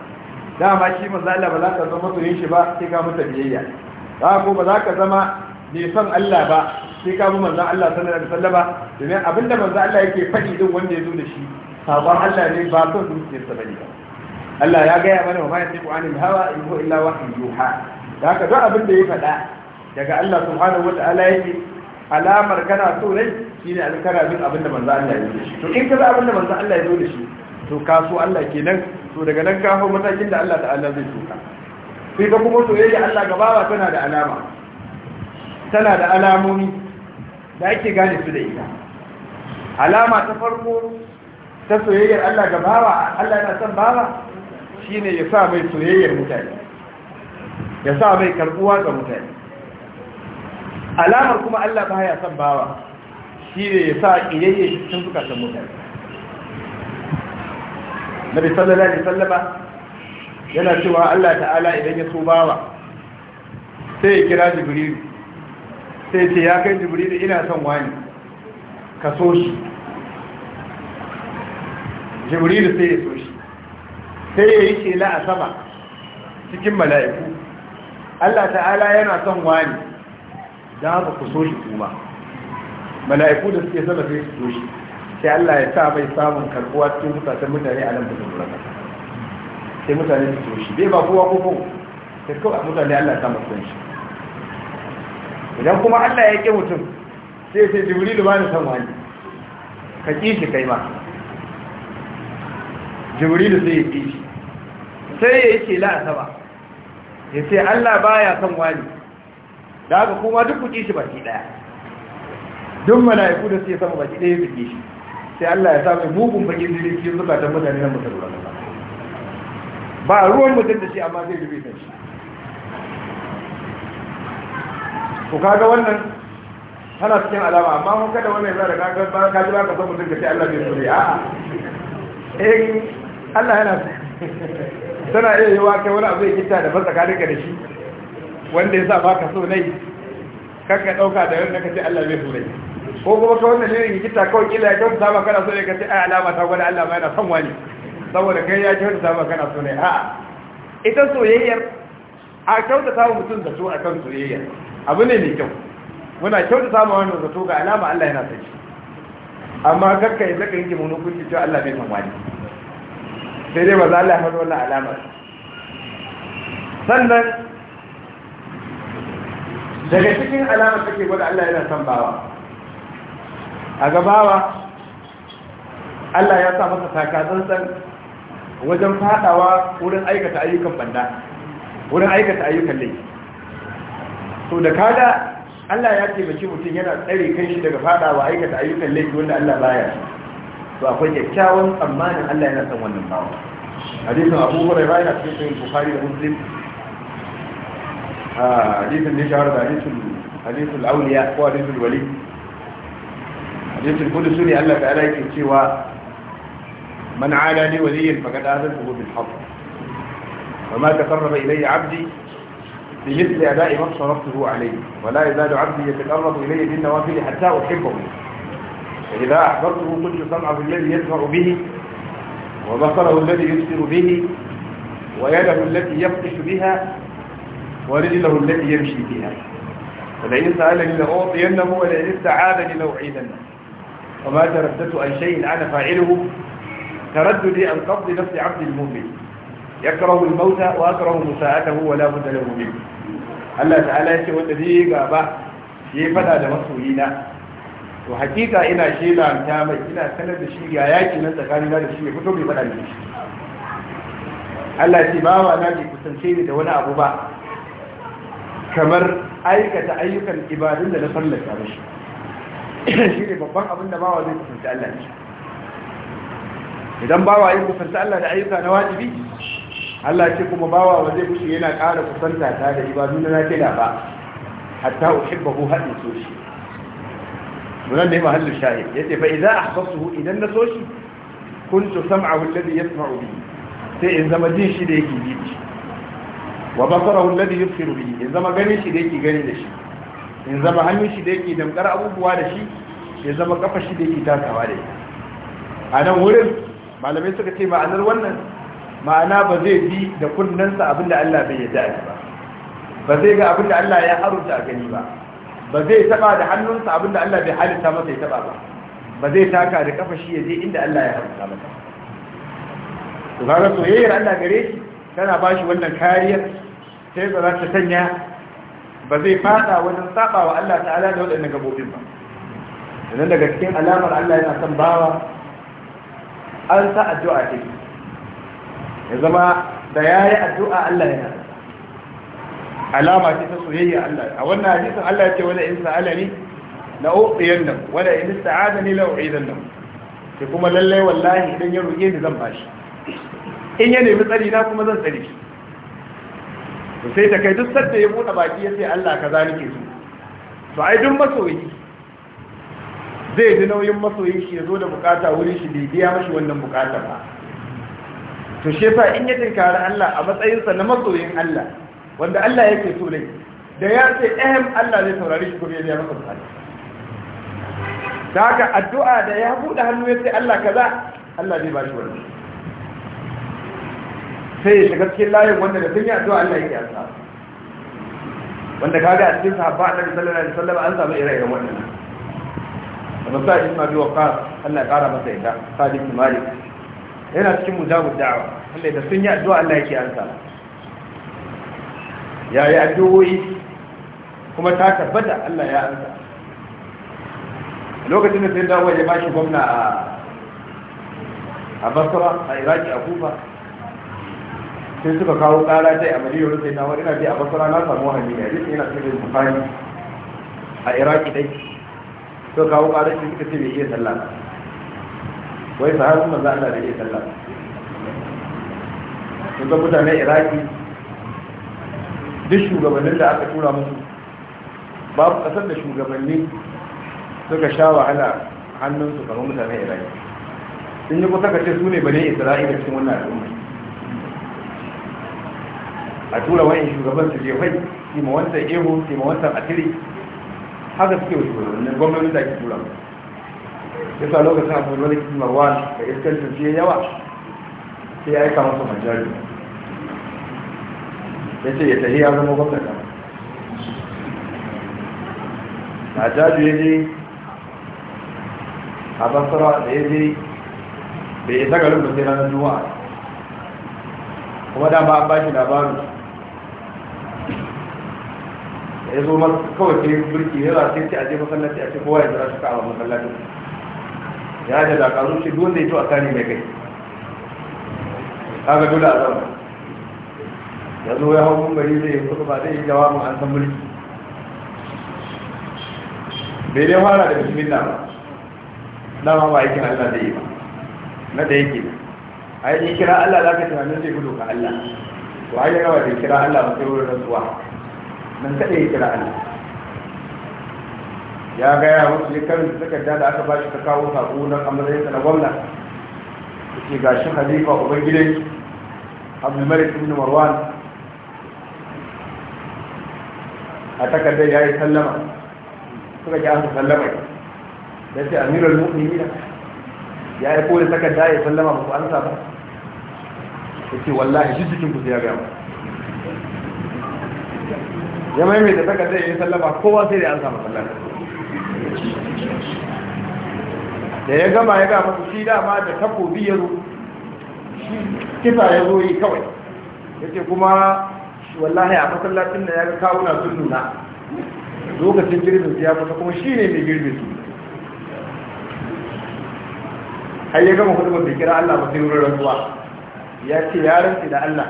dama shi manzo Allah ba za ka zama masoyin shi ba sai ka masa biyayya ba ko ba za ka zama mai son Allah ba sai ka bi manzo Allah sallallahu alaihi wasallama domin abinda manzo Allah yake faɗi din wanda ya zo da shi sabon Allah ne ba son zuciyarsa bane ba Allah ya gaya mana wa ma yasiqu anil hawa in huwa illa wahyu yuha da ka duk abin da ya faɗa daga Allah subhanahu wataala yake alamar kana so rai shine alkara bin abin da manzo Allah ya zo da shi to in ka abinda da manzo Allah ya zo da shi to kaso Allah kenan to daga nan ka hau matakin da Allah ta'ala zai tuka sai ka kuma soyayya Allah gabawa tana da alama tana da alamomi da ake gane su da ita alama ta farko ta soyayyar Allah gaba ba Allah yana son bawa shine ya sa mai soyayyar mutane ya sa mai karbuwa ga mutane alamar kuma Allah baya son bawa shine ya sa iyayen cikin zukatan mutane nabi sallallahu alaihi sallama yana cewa Allah ta'ala idan ya so bawa sai ya kira jibrilu sai ce ya kai jibrilu ina son wani ka so shi jibrilu sai ya so shi sai ya yi shela a sama cikin mala'iku Allah ta'ala yana son wani da ku so shi kuma mala'iku da suke sama sai su so shi sai Allah ya sa mai samun karbuwa cikin zukatan mutane a nan bugun kasa sai mutane su so shi bai ba kowa ko kowa sai kawai mutane Allah ya sa masu shi idan kuma Allah ya ƙi mutum sai sai jibrilu ba ni san wani ka ƙi shi kai ma jibrilu sai ya ƙi shi sai ya yi ce a sama, ya ce Allah ba ya san wani da haka kuma duk ku ƙi shi baki ɗaya duk mala'iku da ya sama baki ɗaya su ƙi shi sai Allah ya sami mugun bakin jini cikin zukatan mutane na mutum ba ba ruwan mutum da shi amma zai rufe ta shi ku kaga wannan tana cikin alama amma kun kada wannan ya da kaga ba ka ji ba ka san mutum da shi Allah zai rufe a'a in eh, Allah yana tana iya yiwa kai wani abu ya kitta da matsakanin ka da shi wanda ya sa ba ka so nai kanka ɗauka da yadda ka ce Allah zai rufe ko kuma ka wannan shirin gita kawai kila ya kyautata sama kana so ne ka ce a alama ta gwada Allah ma yana son wani saboda kai ya kyautata sama kana so ne a'a ita soyayyar a kyautata sama mutum zato a kan soyayyar abu ne mai kyau muna kyautata sama wannan zato ga alama Allah yana son shi amma kakka ya ka yanke mun hukunci cewa Allah bai san wani sai dai ba za Allah ya faɗi wannan alama sannan daga cikin alama take gwada Allah yana son bawa a gabawa Allah ya sa masa takazantsan wajen fadawa wurin aikata ayyukan banda wurin aikata ayyukan laifi to da kada Allah ya taimaki mutum yana tsare kanshi daga fadawa aikata ayyukan laifi wanda Allah baya to akwai kyakkyawan tsammanin Allah yana san wannan bawa hadisin Abu Hurairah yana cikin Bukhari da Muslim ah, hadisin ne shahara da hadisin hadisul awliya ko hadisul wali yace kudu sune Allah ta'ala yake cewa man ala li waliyin faqad azantuhu bil haqq wa ma taqarraba ilayya 'abdi bi mithli ada'i ma saraftuhu alayhi wa la yazalu 'abdi yataqarrabu ilayya bin nawafil hatta uhibbahu فإذا أحببته كنت سمعه الذي يسمع به وبصره الذي يبصر به ويده التي يبطش بها ورجله التي يمشي بها فلئن سألني لأعطينه ولئن استعاذني لأعيدنه وما ترددت عن شيء أنا فاعله ترددي عن قبض نفس عبد المؤمن يكره الموت وأكره مساءته ولا بد له منه Allah ta'ala ya ce wanda zai gaba ya fada da masoyina to hakika ina shelanta mai ina sanar da shi ga yaki nan tsakanin da shi mai fito mai fada da shi ya ce ba wa na ji ni da wani abu ba kamar aikata ayyukan ibadun da na sallata mashi shi ne babban abin da bawa zai kufanta Allah ne idan bawa yi kufanta Allah da ayyuka na wajibi Allah ce kuma bawa wa zai kushe yana ƙara kusanta ta da ibadu na nafila ba hatta uhibbahu haɗin so shi munan da mahallin shahid yace fa idza su idan na soshi? so shi kuntu sam'ahu alladhi yasma'u bi? sai in zama jin shi da yake ji wa basarahu alladhi yubsiru bi in zama ganin shi da yake gani da shi in zama hannun shi da yake damkar abubuwa da shi ya zama kafa shi da yake takawa da ita a nan wurin malamai suka ce ma'anar wannan ma'ana ba zai bi da kunnensa abinda Allah bai yadda a ba ba zai ga abinda Allah ya haruta a gani ba ba zai taba da hannunsa abinda Allah bai halitta masa ya taba ba ba zai taka da kafa shi ya je inda Allah ya haruta masa to kaga soyayyar Allah gare shi tana bashi wannan kariyar sai ba za ta sanya ba zai fada wajen saba wa Allah ta'ala da waɗannan gabobin ba idan daga cikin alamar Allah yana son bawa an sa addu'a ce ya zama da yayi addu'a Allah yana alama ce ta soyayya Allah a wannan hadisin Allah ya ce wala in sa'alani la uqiyanna wala in ista'adani la u'idanna ke kuma lallai wallahi idan ya roƙe ni zan bashi in ya nemi tsari na kuma zan tsare shi to sai ta kai duk sadda ya buɗe baki ya ce Allah kaza nike su to ai duk masoyi zai ji nauyin masoyi shi ya zo da bukata wuri shi bai biya mashi wannan bukata ba to shi yasa in ya tinkari Allah a matsayinsa na masoyin Allah wanda Allah yake so ne da ya ce ehem Allah zai saurari shi gobe ya biya masa bukata ta haka addu'a da ya buɗe hannu ya ce Allah kaza Allah zai ba shi wannan sai ya shiga cikin layin wanda da sun yi addu'a Allah yake ansa wanda ka ga a cikin sahabba annabi sallallahu alaihi wasallam an samu ire-iren wannan A sa ibn abi waqas Allah ya kara masa yadda, sadiq bin malik yana cikin mujabu da'awa Allah da sun yi addu'a Allah yake Ya yi addu'o'i kuma ta tabbata Allah ya ansa lokacin da sai dawo ya bashi gwamna a a Basra a Iraki a Kufa sai suka kawo kara dai a madina wurin na wani ina a basra na samu wani ne hadisi yana cikin bukhari a iraki dai suka kawo kara shi suka ce mai iya sallah wai sahabin manzo Allah bai iya sallah sun ga mutane iraki duk shugabannin da aka tura musu babu kasar da shugabanni suka sha wahala hannunsu kamar mutane iraki sun yi kusa ka ce su ne bane isra'ila cikin wannan al'umma a tura wani shugaban su jefai su ma wancan ebo su ma wancan atiri haka suke wasu shugabannin gwamnati da ake tura ya sa lokacin abu wani kitin marwan da iskancin ce yawa sai ya aika masa majari ya ce ya tafi ya zama gwamnati a jaji ya je a basara da ya je bai isa garin ba sai ranar juma'a kuma da ba an ba shi labarin ya zo masa kawai sai burki ya rasu ce a je masallaci a ce kowa ya zira shi ka'awa masallacin ya da dakarun ce duwanda ya to a kane mai kai kaga dole a zama ya zo ya hau mumbari zai yi kuka ba zai yi jawabin an san mulki bai dai fara da bismillah ba Nama ba aikin allah zai yi ba na da yake a yi kira allah za ka tunanin zai gudu ka allah to har yi rawa da kira allah ba sai wurin rantsuwa nan kada ya kira Allah ya gaya wasu ya karanta takarda da aka bashi ta kawo sako na amaryarsa na gwamna ce ga shi halifa ubangide abdulmalik ibn marwan a takardar ya yi sallama suka ji aka sallama ya ce amirar mu'mini ya yi kone da ya sallama ba ku an sa ba ya ce wallahi shi cikin ku sai ya mu ya maimaita takardar ya yin sallama kowa sai da an samu sallama da ya gama ya gama shi dama da takobi ya zo kifa ya zo yi kawai ya ce kuma wallahi a masallacin da ya ga kawuna sun nuna lokacin girbin ya kusa kuma shi ne mai girbin su har ya gama kudu mafi kira Allah ba sai wurin rantsuwa ya ce ya rantsi da Allah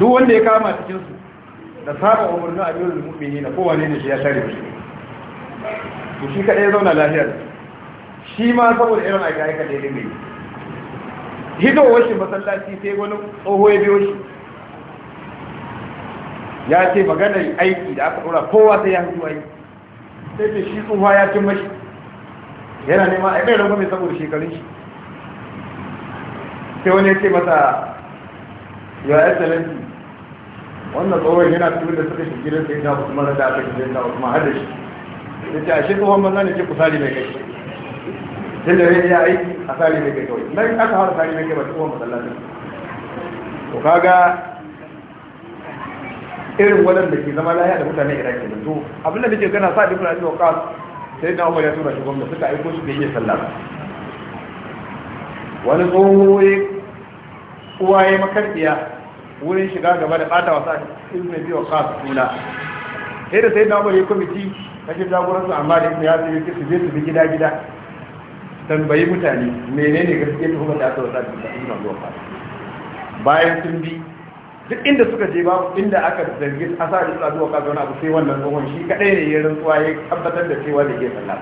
duk wanda ya kama cikinsu da saba umarnin amirul mummini na kowane ne shi ya tare shi to shi kaɗai ya zauna lafiyar shi ma saboda irin aika aika da ya dinga yi hito shi masallaci sai wani tsoho ya biyo shi ya ce maganar aiki da aka ɗora kowa sai ya hito aiki sai ce shi tsufa ya cin mashi yana nema a ɗaya rungumin saboda shekarun shi sai wani ya ce masa your excellency wannan tsohon yana cikin da suka shi sai ta na usman da aka gidan na usman hada shi da ta ashe tsohon manzan da ke kusali mai kai tun da ya yi a sali mai kai kawai nan aka fara sali mai kai ba tsohon masallacin to kaga irin waɗanda ke zama laya da mutane iraki ke to abinda da ke gana sa duk da cewa kas sai na umar ya tura shi gwamnati suka aiko shi da yi sallah wani tsohon uwaye makarfiya wurin shiga gaba da bata wasa ibn wa waqas suna sai da sai na umar ya kwamiti kashin jagoransu amma da ya yasir ki su je su bi gida gida tambayi mutane menene gaskiya tuhumar da ta wasa da ibn zuwa waqas bayan sun bi duk inda suka je babu inda aka zargi asa da ibn abi waqas wani abu sai wannan tsohon shi kadai ne ya rantsuwa ya tabbatar da cewa da ke sallah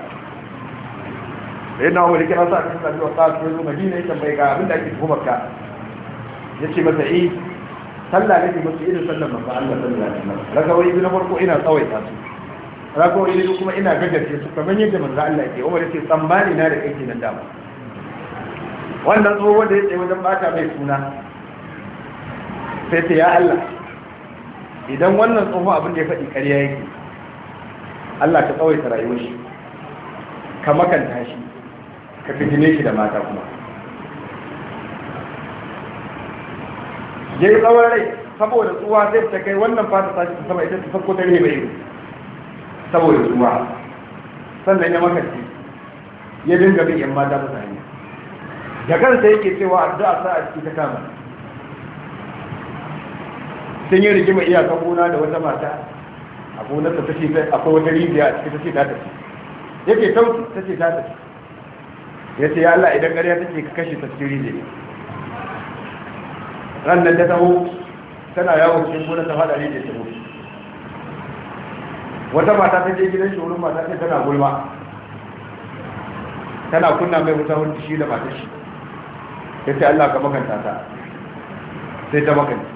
sai na umar kira sa da ibn abi waqas ya zo madina ya tambaye ga abin da ake tuhumar ka ce masa eh sallah nake musu irin sallar manzo Allah sallallahu alaihi wasallam rakawoyi na farko ina tsawaita su rakawoyi ne kuma ina gajarce su kamar yadda manzo Allah yake Umar yake tsammani na da kake nan dama wannan tsoho wanda ya tsaye wajen bata mai suna sai ta ya Allah idan wannan tsoho abin da ya faɗi ƙarya yake Allah ka tsawaita rayuwar shi ka makanta shi ka fitine shi da mata kuma ya yi tsawon rai saboda tsuwa zai ta kai wannan fata sashi ta sama ita ta farko ta rebe yi. saboda tsuwa sannan ya makarci ya dinga bin yan mata mutane da kansa yake cewa addu'a sa a cikin ta kama sun yi rigima iya gona da wata mata a gonarsa ta ce akwai wata rijiya a cikin ta ce ta tafi yake tauki ta ce ta tafi ya ce ya Allah idan ƙarya take ka kashe ta cikin rijiya ran nan ta taho tana yawon cikin gona ta fada ne da ta wata mata ta ke gidan shi wurin mata ce tana gulma tana kunna mai wuta wurin shi da mata shi ya ce Allah ka makanta ta sai ta makanta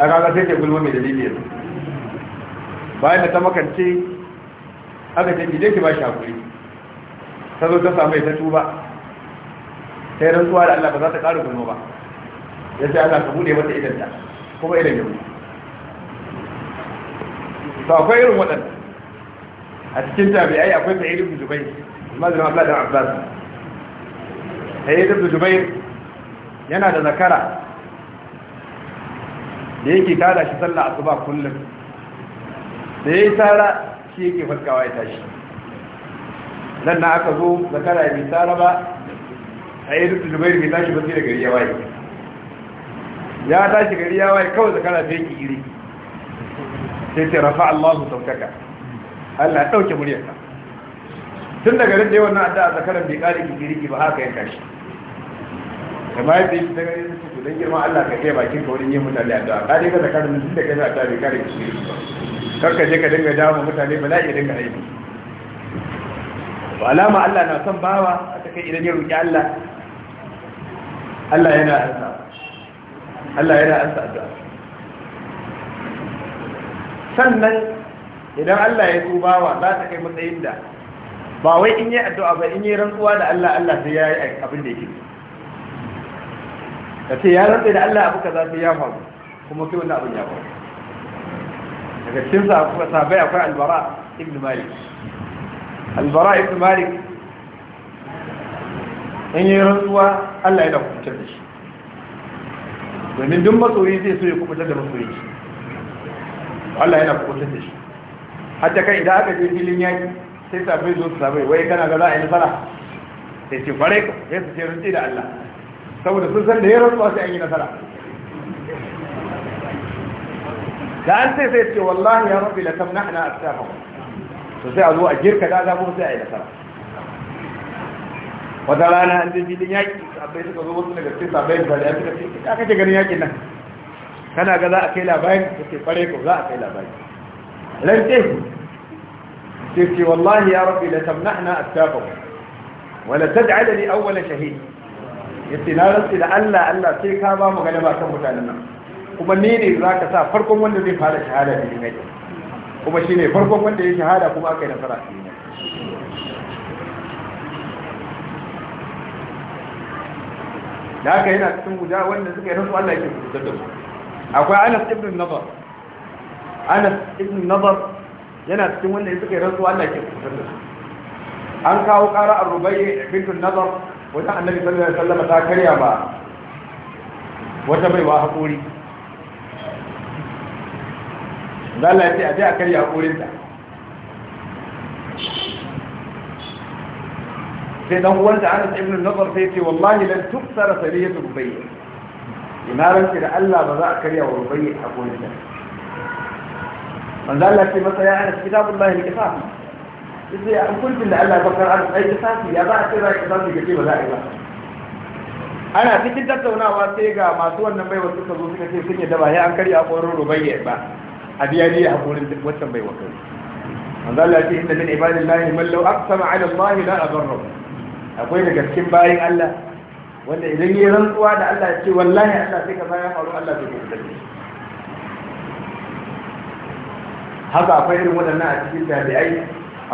a kaga sai ta gulma mai dalili yanzu bayan da ta makance aka ce gidan ki ba shi hakuri ta zo ta samu ya ta tuba sai rantsuwa da Allah ba za ta ƙara gulma ba ya ce Allah ka bude mata idan ta kuma idan ya bude to akwai irin waɗanda a cikin tabi'ai akwai sa'id ibn jubair mazan Allah da Abbas sa'id ibn jubair yana da zakara da yake tada shi sallah asuba kullum da yayi tara shi yake farkawa ya tashi nan na aka zo zakara ya bi tara ba sai ibn jubair bai tashi ba sai da gari ya waye ya tashi gari ya waye kawai zakara feki iri sai ce rafa Allahu sautaka Allah ya dauke muryarka tun daga rin da wannan addu'a zakaran bai kare kikiriki ba haka ya tashi da ma yadda yake daga rin su dan girma Allah ka kai bakin ka wurin yin mutane addu'a ka dai ka zakaran tun da kai za ta bai kare kikiriki ba kar ka je ka dinga dawo mutane ba za iya dinga aiki ba alama Allah na son bawa aka kai idan ya roki Allah Allah yana ansa Allah yana ansa addu'a sannan idan Allah ya tuba wa za ta kai matsayin da ba wai in yi addu'a ba in yi rantsuwa da Allah Allah sai ya yi abin da yake ka ce ya rantsa da Allah abu kaza sai ya faru kuma sai wannan abin ya faru daga cikin sabai akwai albara ibn malik albara ibn malik in yi rantsuwa Allah ya da hukuntar da shi domin duk masoyi zai so ya kubutar da masoyi Allah yana kubutar da shi hatta kai idan aka je filin yaki sai sabai zo su sabai wai kana ga za a yi nasara sai ce kwarai ku sai su ce rantsi da Allah saboda sun san da ya rantsuwa sai an yi nasara da an sai sai ce wallahi ya rabbi la tamna'na asfahu to sai a zo a girka da azabu sai a yi nasara wata rana an je filin yaƙi abai suka zo wasu daga cikin sabai da ya suka ce aka kake ganin yaƙin nan kana ga za a kai labarin da ke kware ko za a kai labarin rance ce ce wallahi ya rabbi la tamna'na astafa wa la tad'alani awwala shahid yace na rantsi da Allah Allah sai ka ba mu galaba kan mutanen nan kuma ni ne za ka sa farkon wanda zai fara shahada da yake kuma shine farkon wanda ya shahada kuma aka yi nasara da haka yana cikin guda wanda suka yi rasu Allah yake kusa da su akwai Anas ibn Nadar Anas ibn Nadar yana cikin wanda suka yi rasu Allah yake kusa da su an kawo ƙara a rubai bint Nadar wajen Annabi sallallahu alaihi wasallam ta karya ba wata baiwa hakuri Allah ya ce a je a karya hakurinta sai dan uwan da Anas ibn Nadar sai ce wallahi lan tuksara sariyatu Rubayya ina ranke da Allah ba za a karya wa Rubayya a gonin da manzo Allah ce masa ya Anas kitabullahi al-qisas sai ya hukuncin da Allah ya bakar Anas ai qisas ya za a kira qisas ga ce ba za a yi ba ana cikin tattaunawa sai ga masu wannan baiwa suka zo suka ce sun yadda ba ya an karya hakorin rubayya ba a biya ne a duk wancan baiwa kai manzo Allah ya ce inna min ibadillahi man law aqsama ala Allah la abarra akwai daga cikin bayan Allah wanda idan yi rantsuwa da Allah ya ce wallahi Allah sai ka bayan faru Allah sai ka tafi haka akwai irin waɗannan a cikin tabi'ai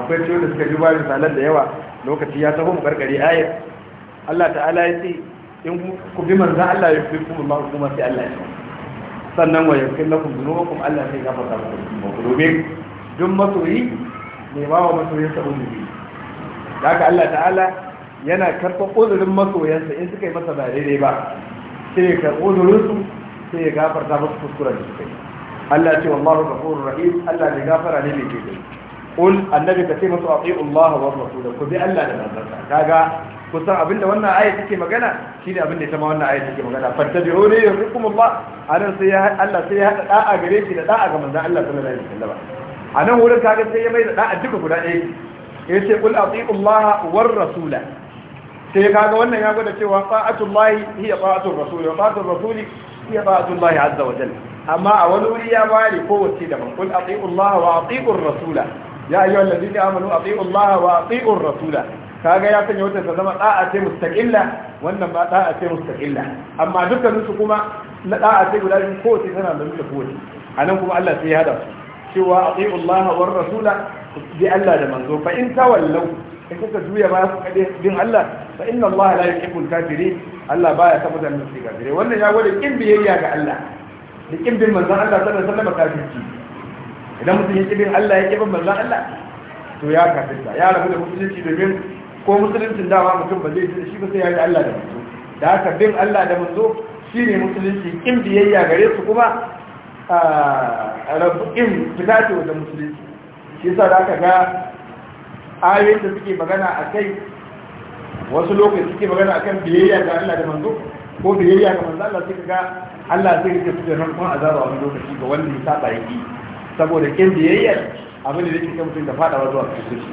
akwai ciwon da suka ji ba misalan da yawa lokaci ya taho mu karkare ayat Allah ta'ala ya ce in ku bi manzan Allah ya fi kuma ma kuma sai Allah ya ce. sannan wa yakin lakum dhunubakum Allah sai ya gafarta muku ba ku dobe duk masoyi ne ba wa masoyin sa da haka Allah ta'ala yana karfa uzurin masoyansa in suka yi masa ba daidai ba sai ya karɓi uzurinsu sai ya gafarta musu kuskuren da suka yi Allah ce wallahu ghafurur rahim Allah ne gafara ne mai kai qul annabi ka ce musu ati'u Allah wa rasulahu ku bi Allah da manzansa kaga kusan abinda wannan aya take magana shine abinda ita ma wannan aya take magana fattabi'u ne yuhibbukum Allah anan sai ya Allah sai ya hada da'a gare shi da da'a ga manzon Allah sallallahu alaihi wasallam anan wurin kaga sai ya mai da da'a duka guda ɗaya yace qul ati'u Allah war rasulahu sai kaga wannan ya gwada cewa ta'atul lahi hiya ta'atul rasuli wa ta'atul rasuli hiya ta'atul lahi azza wa jalla amma a wani wuri ya bari ko wace daban kul ati'u Allah wa ati'u rasula ya ayyuhal ladina amanu ati'u Allah wa ati'u rasula kaga ya sanya wata ta zama da'a ce mustaqilla wannan ba da'a ce mustaqilla amma dukkan su kuma na da'a ce guda biyu ko wace tana da mutu ko wace anan kuma Allah sai ya hada su cewa ati'u Allah war rasula bi Allah da manzo fa in tawallau in kuka juya ba su kade din Allah fa inna Allah la al kafirin Allah baya saboda da su kafire wannan ya gwada kin biyayya ga Allah da kin bin manzon Allah sallallahu alaihi wasallam kafirci idan mutum ya bin Allah ya bin manzon Allah to ya kafirta ya rabu da musulunci domin ko musuluncin dama mutum ba zai shi ba sai ya yi Allah da manzo da haka bin Allah da manzo ne musulunci kin biyayya gare su kuma a ah, rabu in fitato da musulunci shi yasa da aka ga ayoyin da suke magana a kai wasu lokaci suke magana a kan biyayya ga Allah da manzo ko biyayya ga manzo Allah sai ga Allah zai rike su da kuma azaba wani lokaci ga wanda ya saba yi saboda kin biyayya abin da yake kan mutum da wa zuwa kafirci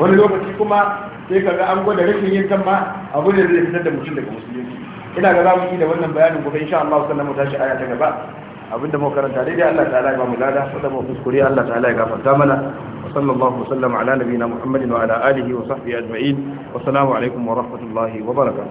wani lokaci kuma sai kaga an gwada rashin yin kan ma abin da zai fitar da mutum daga musulunci ina ga zamu yi da wannan bayanin gobe insha Allah sallallahu alaihi wasallam tashi aya ta gaba abinda mu karanta dai Allah ta'ala ya ba mu lada wanda mu kuskure Allah ta'ala ya gafarta mana وصلى الله وسلم على نبينا محمد وعلى آله وصحبه أجمعين والسلام عليكم ورحمة الله وبركاته